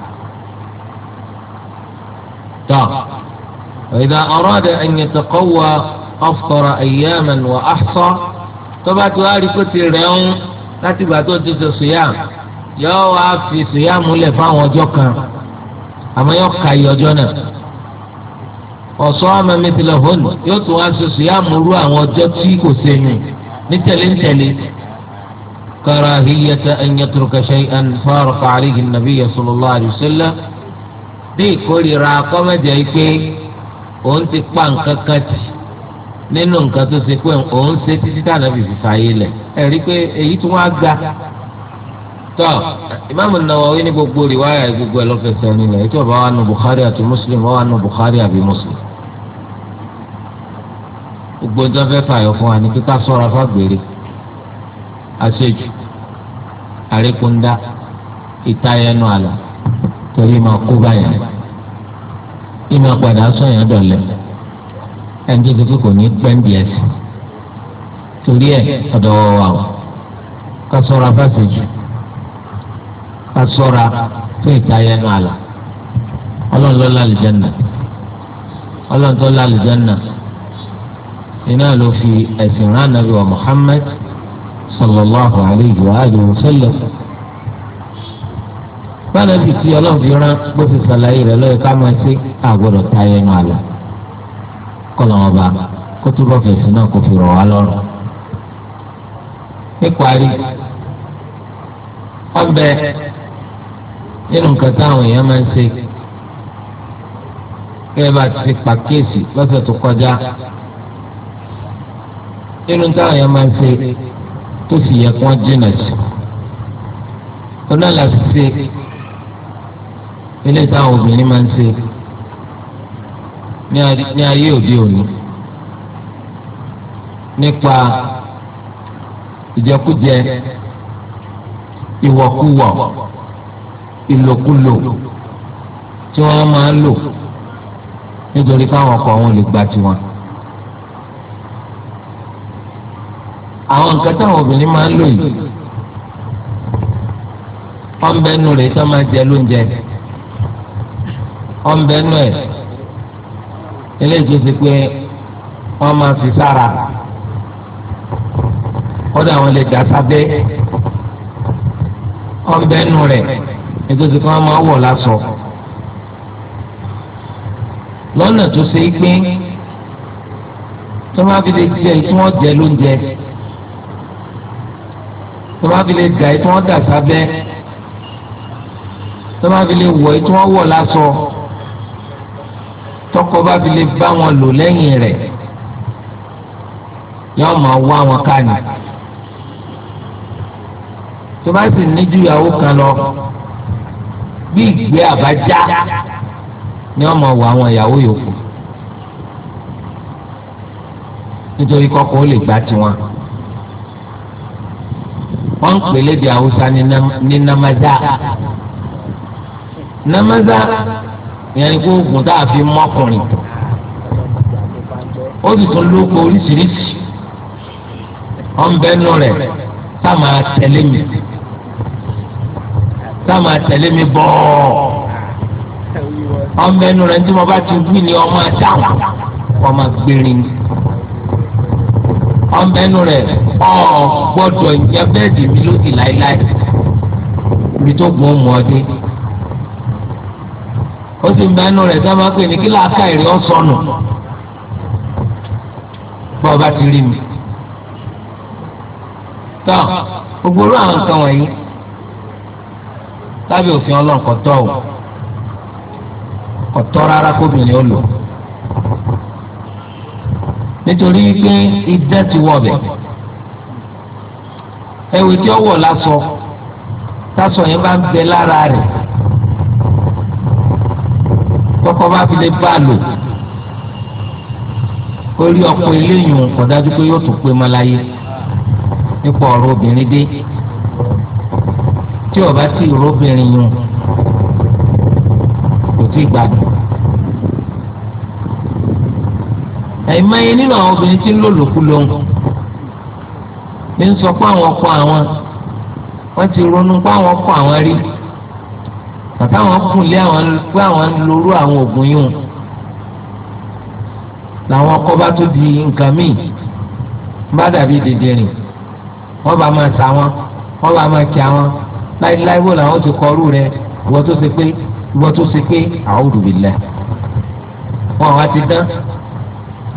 وإذا أراد أن يتقوى أفطر أياما وأحصى طبعا تواري كتير يوم لا تبعتو تتو صيام يو في صيام لفا وجوكا أما يوكا يوجونا وصام مثلهن يتواسي صيام روا وجوكسيكو سيني نتلين تلين كراهية أن يترك شيئا فارق عليه النبي صلى الله عليه وسلم دي كل راقم جايكي òun ti pa nǹkan kan tì nínú nǹkan tó ṣe pé òun ṣe títí tànàbì fífa yé lẹ̀ ẹ̀ rí i pé èyí tí wọ́n á ga tọ́ ìmáàmù Nawawi ní gbogbo rìwáyà gbogbo ẹ̀ lọ́fẹ̀ẹ́sẹ̀ nílẹ̀ ètò ọ̀bá wa nù Bukhari àti Muslim wọ́n wà nù Bukhari àbí Muslim gbogbo ń tán fẹ́ fààyàn fún wa ní kíkà sọ́ra fàgbèrè àṣejù àríkúndá ìtayẹnu àlà torí máa kú báyìí ìmọ̀ padà sọ̀yàn dọ̀lẹ́ ẹni tó ti fi kò ní pẹ́ǹdì ẹ̀sìn torí ẹ̀ ọ̀dọ̀ wà wà ká sọ̀ra fásitì ká sọ̀ra fún ìtayẹnu àlà ọlọ́run ló lálùjẹ́nà ọlọ́run tó lálùjẹ́nà iná ló fi ẹ̀sìn rán nàbí wa Muhammad sallallahu alayhi wa sallam sanabi tí ọlọ́run fi rán bó ti sàlàyé rẹ̀ lọ́yẹ̀ ká máa ṣe àgbọ̀dọ̀ ta ẹnu àlà kọ́lọ̀ wọn bá kó túbọ̀ fèsì náà kó fi rọ̀ wá lọ́rùn. níparí ọbẹ̀ nínú nǹkan táwọn èèyàn máa ń ṣe kẹ́ẹ̀ bá ti pàkíyèsí lọ́sẹ̀ tó kọjá nínú táwọn èèyàn máa ń ṣe tó sì yẹ kí wọ́n jìnnà sí. onáàlà ṣe ilé táwọn obìnrin máa ń ṣe ní ayé òde òní nípa ìjẹkújẹ ìwọ̀kúwọ̀ ìlòkulò tí wọ́n máa ń lò nítorí káwọn ọkọ wọn lè gba tiwọn. àwọn nǹkan táwọn obìnrin máa ń lò yìí ọ̀nbẹ́nu rẹ̀ tó máa jẹ lóúnjẹ yìí ọ̀nbẹ́nu ẹ̀ eléyìí tó ti pé wọ́n máa fi sára kódà wọ́n lè dà sábẹ́ ọ̀nbẹ́nu rẹ̀ nítorí pé wọ́n máa wọ̀ lásọ. lọ́nà tó ṣe é pé tó máa fi lè jẹ tí wọ́n jẹ lóúnjẹ tó máa fi lè dà tí wọ́n dà sábẹ́ tó máa fi lè wọ̀ tí wọ́n wọ̀ lásọ tọkọ bá fi lè bá wọn lò lẹ́yìn rẹ̀ yóò máa wá wọn ká ní. tó bá sì ní ju ìyàwó kan lọ bí ìgbé àbájá ni wọ́n máa wọ àwọn ìyàwó yòókù nítorí kọ́kọ́ ó lè gbá tiwọn. wọ́n ń pè lédè haúsá ní namaza namaza ìyẹn ni kó oògùn tá a fi mọ́kùnrin ó sì tún lóko oríṣiríṣi ọ̀nbẹ́nu rẹ̀ tá a máa tẹ̀lé mi tá a máa tẹ̀lé mi bọ́ọ̀ ọ̀nbẹ́nu rẹ̀ tí mo bá ti wí ni ọmọ àtàwọn ọmọ gbèrìn ni ọ̀nbẹ́nu rẹ̀ ọ̀ gbọ́dọ̀ ìjẹ́ bẹ́ẹ̀dì mi lódì láéláé ibi tó gbọ́ mọ́ ọdún ó sì mẹ́nu rẹ̀ sábà pé ní kí làákà èrè ó sọnù bá ọba ti rí mi. tọ́ ògbóró àwọn nǹkan wọ̀nyí lábẹ́ òfin ọlọ́run kò tọ́ o kò tọ́ rárá kóbìnrin ó lò nítorí pé idẹ́ ti wọ̀ bẹ̀ ẹ̀wì tí ó wọ̀ lásọ tásọ yẹn bá ń bẹ lára rẹ̀ tọkọ bá fi lè bá a lò orí ọkọ eléyìí kò dájú pé yóò tún pé mọ́láyé nípa ọ̀rọ̀ obìnrin dé tí ọba tí ìró obìnrin yùn kò tí ì gbàgbọ́. ẹ̀ẹ́mẹ́yẹ nínú àwọn obìnrin tí ń lò lòkú lòun ní sọ pé àwọn ọkọ àwọn wọ́n ti ronú pé àwọn ọkọ àwọn rí bàtà àwọn kùnlé àwọn pé àwọn ń lorú àwọn ògùn yìí làwọn ọkọ bá tó di nǹkan míì bá dàbí dèdè rìn wọn bá máa sá wọn wọn bá máa kí àwọn láíláí wò làwọn ti kọrú rẹ ìwọ tó ṣe pé ìwọ tó ṣe pé a'udhu billahi wọn wá ti dán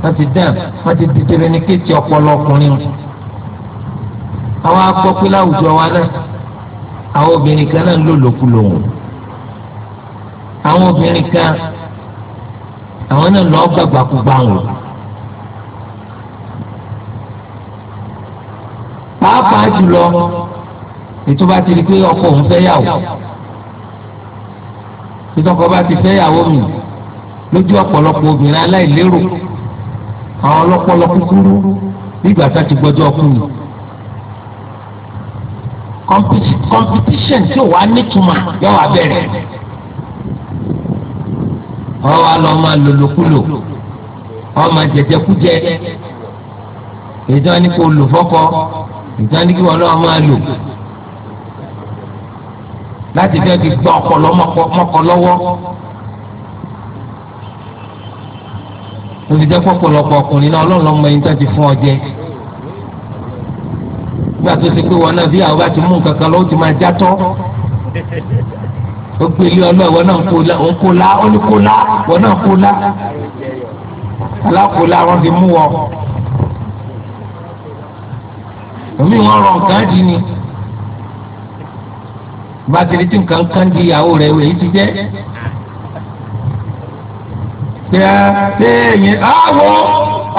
wọ́n ti dán wọ́n ti di tẹ̀lé ní kéètì ọpọlọ ọkùnrin àwọn akọ́pẹ́ láwùjọ wa náà àwọn obìnrin kan náà ń lò lòkulò wọn àwọn obìnrin kan àwọn náà lọ gbàgbàkúgbà wọn. pàápàá jùlọ ètò bá ti di pé ọkọ òun fẹ́ yàwó ìtọ́kọ bá ti fẹ́ yàwó mi lójú ọ̀pọ̀lọpọ̀ obìnrin aláìlérò àwọn ọlọ́pọlọ kúkúrú nígbà tá a ti gbọ́dọ̀ ọkùnrin competition tí ò wá nítumọ̀ yóò wá bẹ̀rẹ̀ wọn wá lọ máa lòlòkulò wọn máa jẹjẹkújẹ ìjọ ní kò lò fọkọ ìjọ ní kí wọn lọ máa lò láti fẹ́ fi gbọ́ ọpọlọ mọ́kọ lọ́wọ́ òfìjẹ́ pọ̀pọ̀lọpọ̀ ọkùnrin náà ọlọ́run lọ́mọ ẹni tó ti fún ọ jẹ nígbà tó ti pé wọn náà bí àwọn bá ti mú nǹkan kan lọ́wọ́ ti máa já tọ́ o gbé ilé ọlọ́ ìwọ náà kó la òun kó la ó ní kó la ìwọ náà kó la alákòólá wọn fi mú wọ. omi wọn rọ nǹkan di ni bàtìrì tí nǹkan kan di ìyàwó rẹ wẹ̀ yìí ti jẹ́ pé ṣé ẹ̀yin àwọ̀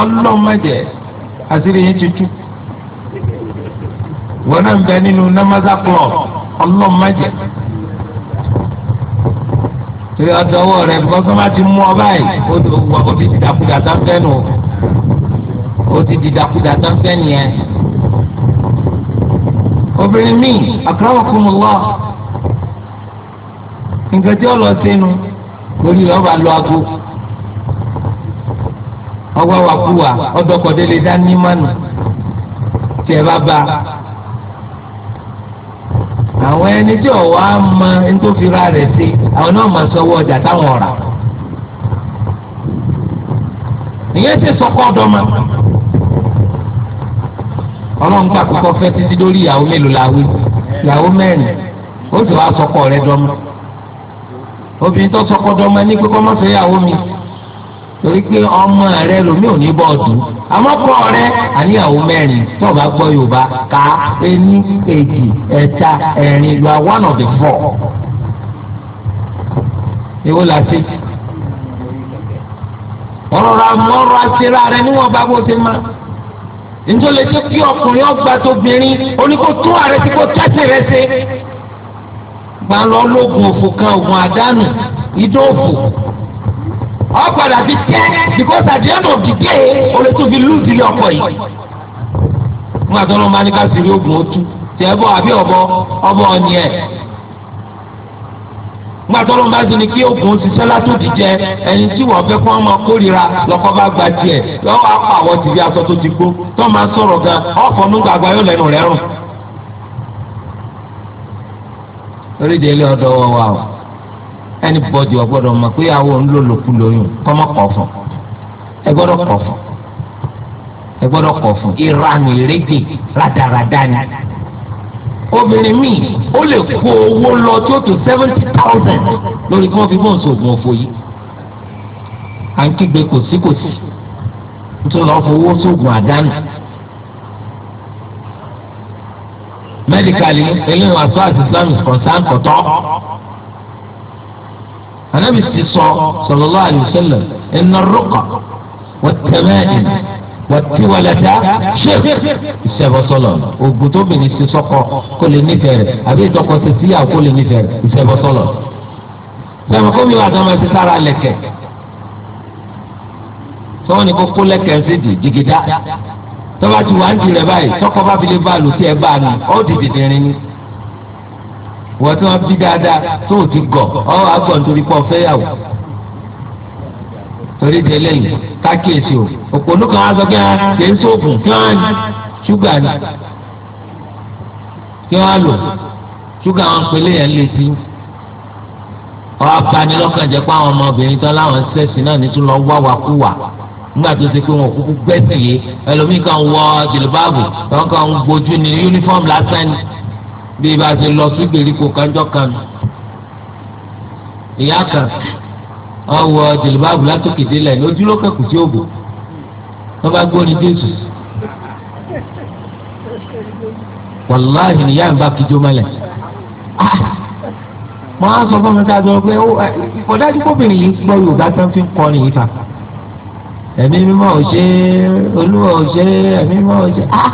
ọlọ́mọdé àṣírí yẹn ti tú wọn náà ń bẹ nínú namaza club ọlọ́mọdé ìrẹ ọdọwọ rẹ bọsọ bá ti mú ọ báyìí ó ti dìdàkudà sáfẹ nù ó ti dìdàkudà sáfẹ nìyẹn. obìnrin míì akramakumullah nǹkan tí ó lọ sínú lórí rẹ ọba lọ ago ọwọ́ wa kú wa ọdọkọ̀dé lè dá ní mánu tí ẹ bá ba àwọn ẹni tí ò wá mọ ẹni tó fi ra rẹ̀ sí àwọn náà máa sanwó ọjà táwọn ọ̀rà ìyẹn ti sọkọ ọdọ ma ọlọ́run gbà kókó fẹ́ títí dórí ìyàwó mélòó la wí ìyàwó mẹ́rin ó sì wá sọkọ rẹ̀ dọ́mọ obìnrin tó sọkọ dọ́mọ ní pé kọ́mọ́sọ ìyàwó mi torí pé ọmọ rẹ lomi ò ní bọ́ọ̀dù amọ́kọ rẹ àníyàwó mẹ́rin tó o bá gbọ́ yorùbá ká ení èjì ẹ̀ta ẹ̀rin you are one of the four. èwo la ṣe ọ̀rọ̀ àmọ́rọ̀ àṣírà rẹ níwọ̀n bá bó ṣe má nítorí tó kí ọkùnrin ọgbà tó bìnrin oníkó tún ààrẹ tí kò tẹ́sí rẹ ṣe gbà lọ lóògùn òfò kan ògùn àdánù ìdóòfò ọ̀padà fi tẹ́ because at the end of the day o lè tún fi lùdì lé ọkọ yìí. nígbà tó ló máa ní ká sì rí oògùn otu tí ẹ bọ àbí ọbọ ọbọ ọ̀nì ẹ̀. nígbà tó ló máa sì ní kí oògùn ṣiṣẹ́ látò jíjẹ ẹni tí wọ́n fẹ́ fún ọmọ kórìíra lọ́kọ́ bá gba tiẹ̀ lọ́wọ́ apá àwọn tìbí aṣọ tó ti gbó tó máa sọ̀rọ̀ gan ọ̀fọ̀ nù gbàgbà yóò lẹ́nu rẹ̀ rùn. oríṣiríṣi ọ̀dọ́ wọ wa o. anybody ọgbọ́dọ̀ mọ̀ pé àwọn ń lóyún kọ́mọ fún ẹ gbọdọ kọ̀ fún ẹ gbọ́dọ̀ kọ̀ fún ìranù ìrédè rádaràdá ni obìnrin míì ó lè kó owó lọ tí tó seventy thousand lórí kí adani medically eléyìí wà àti Islam is kọ̀tọ́. anabi ti sọ sallallahu alayhi wa sallam inna ruqa wat-tama'im wat-tiwalata shirk ìṣẹbọsọlọ ògùn tóbi ní ti sọkọ kó lè nífẹ̀ẹ́ rẹ̀ àbí ìtọkọ ti síyàwó kó lè nífẹ̀ẹ́ rẹ̀ ìṣẹbọsọlọ sọmọ kó mi wà sọmọ ti sára lẹ̀kẹ̀ sọmọ ní kó kó lẹ̀kẹ̀ ń sídìí jìgìdá tọ́ba ti wà ń tirẹ̀ báyìí tọkọ bá fi lè bá lù sí ẹ bá a nù ọ́ dìdìdìrín ni wọ́n tí wọ́n bí dáadáa tó o ti gọ̀ ọ́ àgọ̀ nítorí pọ̀ fẹ́yàwó torí di eléyìí kákìyèsí o òpònú kan á sọ pé ah, kì í sóògùn kí wọ́n á ní ṣúgà ní kí wọ́n á lò ṣúgà wọn pélé yẹn lé sí ọ abanilọ́kàn jẹ́ pé àwọn ọmọbìnrin tán láwọn ṣẹ̀ṣì náà ní tún lọ wá wa kú wa nígbà tó ṣe pé wọn kúkú gbẹ́sì yé ẹlòmíì wọ jìlìbáàbù wọn kan gbojú ní yúnífọ́ọ̀mù lásán ni bí bá ti lọ sí gbèríko kanjọ kan ìyá kan ọwọ jìlìbáàbù látòkè délẹ̀ ní ojú ló kẹkù sí òbò wọn bá gbóni jésù wàláhì níyà ń bá kíjó mọ́lẹ̀ ah! mo á sọ fún mi ká sọ pé ọ̀dájú kóbìnrin yìí gbọ́ yorùbá tán fi ń kọrin yìí ta ẹ̀mí mímọ́ ò ṣe olúwa ò ṣe ẹ̀mí mímọ́ ò ṣe ah.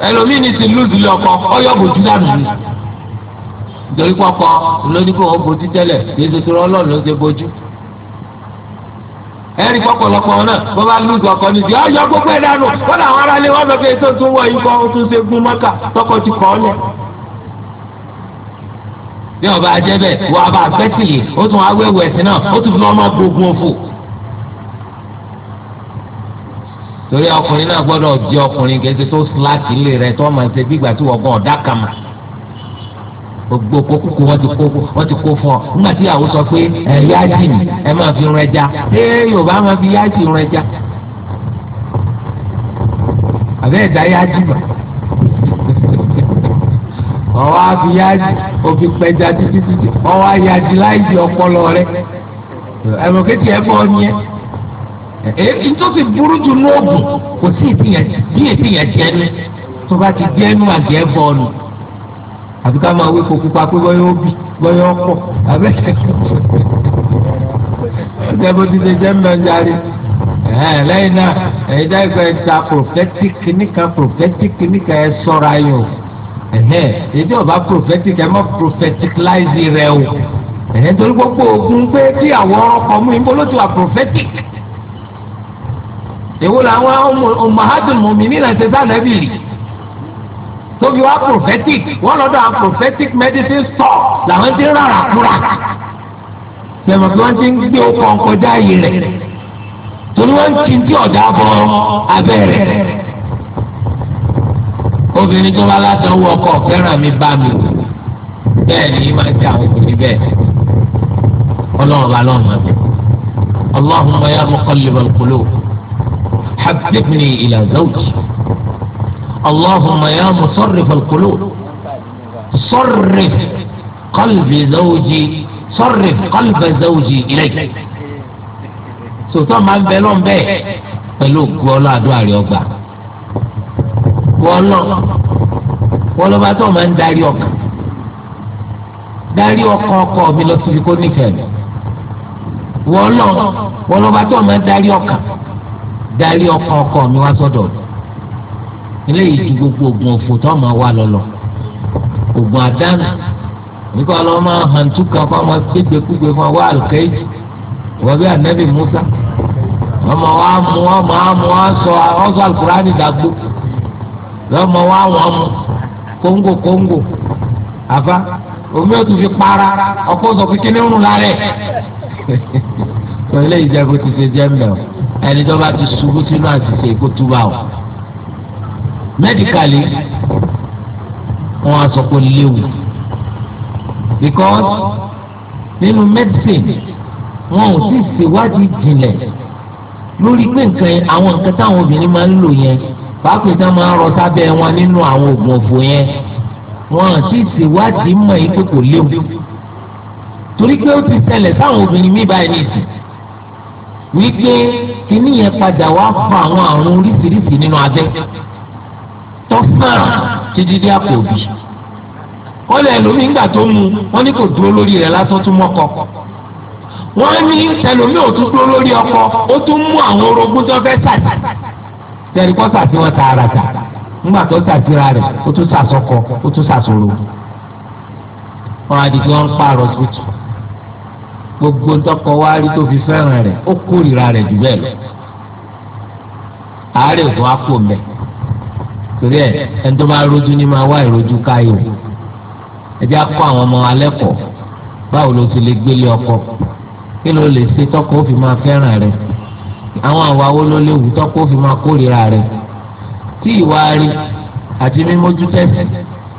ẹlòmíì ní ti lùdù lé ọkọ ọyọ bòjú dànù ni nítorí pọpọ lóníkó wọn bòjú tẹ́lẹ̀ yéésù tó Ọlọ́run ló ń ṣe bòjú ẹrí pọpọlọpọ náà bó bá lùdù ọkọ ní ti ọyọ gbogbo ẹ dànù wọn làwọn aráalé wọn sọ pé tó tún wọ ikọ ó tún ṣe gún mọkà tọkọ ti kọ ọ lẹ bí ọba ajẹ bẹ́ẹ̀ wọ abà bẹtìlì ó tún awéwẹsì náà ó tún fi ọmọ gbogbo fò. torí ọkùnrin náà gbọ́dọ̀ jẹ́ ọkùnrin kẹsẹ tó síláàtì ilé rẹ̀ tó máa ń ṣe gbígbà tí wọ́n gan ọdá kama gbogbo kókókó wọ́n ti kó wọ́n ti kó fún ọ nígbà tí ìyàwó sọ pé ẹ yáàjì mi ẹ máa fi rún ẹja ẹ yorùbá máa fi yáàjì rún ẹja àbẹ ẹja yáàjì mà ọwọ́ àfi yáàjì òfi pẹja títí títí ọwọ́ àyájì láì di ọpọlọ rẹ̀ ẹmọ kékeré bọ ọ ní ẹ èyí tó sì burú jù lóògùn kò sí ìdíyẹ ìdíyẹ jẹ ní tó bá ti jẹ nú àjẹ bọ́ọ̀lù àbí ká máa wí kó pupa pé bọ́yọ̀ ó bì bọ́yọ̀ ó pọ̀ àbẹ́ ṣe bó ti ṣe jẹ́ mẹ́jáde lẹ́yìn náà ẹ̀yin dáìgbà ẹ̀ ta prophetic nìkan prophetic nìkan ẹ̀ sọ̀ra yìí o èdè ọba prophetic ẹ̀ mọ́ propheticalize rẹ o ẹ̀yìn ogun pé kí àwọn ọkọ̀ mú ìbólótó wa prophetic èwo làwọn ọmọhadùn mọ̀mí nílẹ̀ ṣe sáà nẹ́bì rí tóbi wá prophetic wọ́n lọ́dọ̀ àwọn prophetic medicine store làwọn ti rárá kúra tẹ̀mọ̀ wọ́n ti ń gbé ọkọ̀ ọ̀kọ̀já yìí rẹ̀ torí wọ́n ti ń tí ọ̀dà bọ̀ abẹ́ rẹ̀ obìnrin tó bá látọwọ́ ọkọ̀ fẹ́ràn mi bá mi bẹ́ẹ̀ ni máa ń ti àwọn obìnrin bẹ́ẹ̀ ọlọ́run bá lọ́run ọlọ́run bá yà mọ́kànlélọ́kùnlé حببني إلى زوجي اللهم يا مصرف القلوب صرف قلب زوجي صرف قلب زوجي إليك sòtọ́ máa ń bẹ lọ́n bẹ́ẹ̀ pẹ̀lú ògùn ọlọ́ àdúrà rẹ̀ ọgbà wọlọ́ wọlọ́ba tó máa ń darí ọkàn darí ọkọ ọkọ mi lọ síbi kó nífẹ̀ẹ́ mi wọlọ́ wọlọ́ba tó máa ń darí ọkàn darí ọkọ ọkọ mi wá sọ́dọ̀ eléyìí ju gbogbo oògùn òfò tó máa wà lọlọ oògùn àdánù nígbà lọ máa hàn túkà kó máa gbégbé kúgbé fún wa àlùkẹ́yì wọ́n bí anabi musa wọ́n máa wá mú wọ́n máa mú wọ́n sọ ọ̀sọ́ alukurani dàgbò wọ́n máa wá wọ́n mú kóńgò kóńgò àfa omi ò tún fi para ọkọ̀ sọ kékeré ń rún lárẹ̀ pẹ̀lú (laughs) ìjẹ́bù ti ṣe jẹ́ mbẹ́ o ẹni tó bá ti ṣubú sínú àṣìṣe kó túbà o mẹdíkàlì wọn á sọ pé léwu because nínú mẹdísìn wọn ò sì ṣèwádìí jìnlẹ̀ lórí pé nǹkan àwọn nǹkan táwọn obìnrin máa ń lò yẹn pàápàá tá máa ń rọ sábẹ́ wọn nínú àwọn oògùn òfò yẹn wọn à sì ṣèwádìí mọ̀ yìí pé kò léwu torí pé ó ti ṣẹlẹ̀ sáwọn obìnrin mí báyìí nìyí. wípé kíní yẹn padà wá fa àwọn àrùn oríṣiríṣi nínú abẹ tọ́sán títí àkòbí wọ́n lè lómi ńgbà tó mu wọ́n ní kò dúró lórí rẹ̀ lásán tún mọ́kọ wọ́n ní ẹlòmí ò tún dúró lórí ọkọ ó tún mú àwọn orogún tó fẹ́ sàtì tẹ̀lé kọ́ sàtì wọn tààràtà ńgbà tó sàtìra rẹ̀ ó tún sàsọkọ ó tún sàsọrò wọn ń gbogbo ntọkọ wa rí tó fi fẹ́ràn rẹ̀ ó kórìíra rẹ̀ jù bẹ́ẹ̀ lọ àárẹ̀ òfin wa kò mẹ́ torí ẹ ẹni tó bá rojú ní máa wá ìrojú káyò ẹ jẹ́ akọ àwọn ọmọ alẹ́ kọ̀ báwo ló ti lè gbélé ọkọ kí ló lè ṣe tọkọ ó fi máa fẹ́ràn rẹ̀ àwọn àwa wo ló léwu tọkọ ó fi máa kórìíra rẹ̀ tí ìwà àti mímójútẹ́sí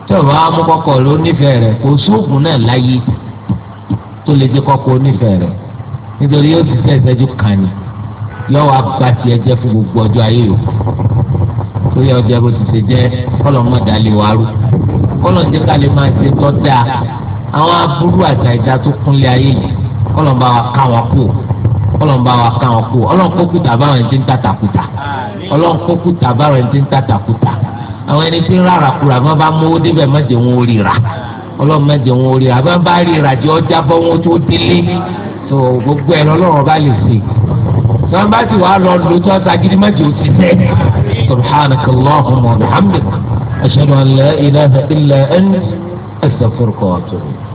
tí ọ̀rọ̀ amúkọkọ̀ ló nífẹ̀ẹ́ rẹ̀ kò sóògùn náà láyé tó lè jẹ́ kọ́kọ́ onífẹ̀ẹ́ rẹ̀ nítorí yóò ti sẹ́ ìṣẹ́jú kan ni yóò wá gba tiẹ̀ jẹ́ fún gbogbo ọjọ́ ayé yòókù tó yẹ ọjọ́ bó ti ṣe jẹ́ kọ́lọ́mọ́dà lè wá rú kọ́lọ́dé ká lè máa ṣe tọ́ dáa àwọn aburú àtà ìdá tó kúnlẹ̀ ayé yìí kọ́lọ́mbà wa ká wọn kú kọ́lọ́mbà wa ká wọn kú ọlọ́nkókùtà báwọn ẹni tí ń tàtàkùtà ọlọ́nkókùtà báwọn ẹni tí ń tàtàkùtà àwọn ẹni tí ń rárá kura bí bá mówó débẹ̀ má jẹ́ wọn ó ọlọ́run má jẹ́ wọn orí àbá bá rí ìrajẹ́ ọjà bọ́ wọn tó délé tó gbogbo ẹ̀rọ ọlọ́run bá lè ṣe tí wọ́n bá sì wá lọ lò tó ọ̀sà gidi má jẹ́ òsì sẹ́ subhanakallahumma wa bihamdik ashhadu an la ilaha illa anta astaghfiruka wa atubu ilayk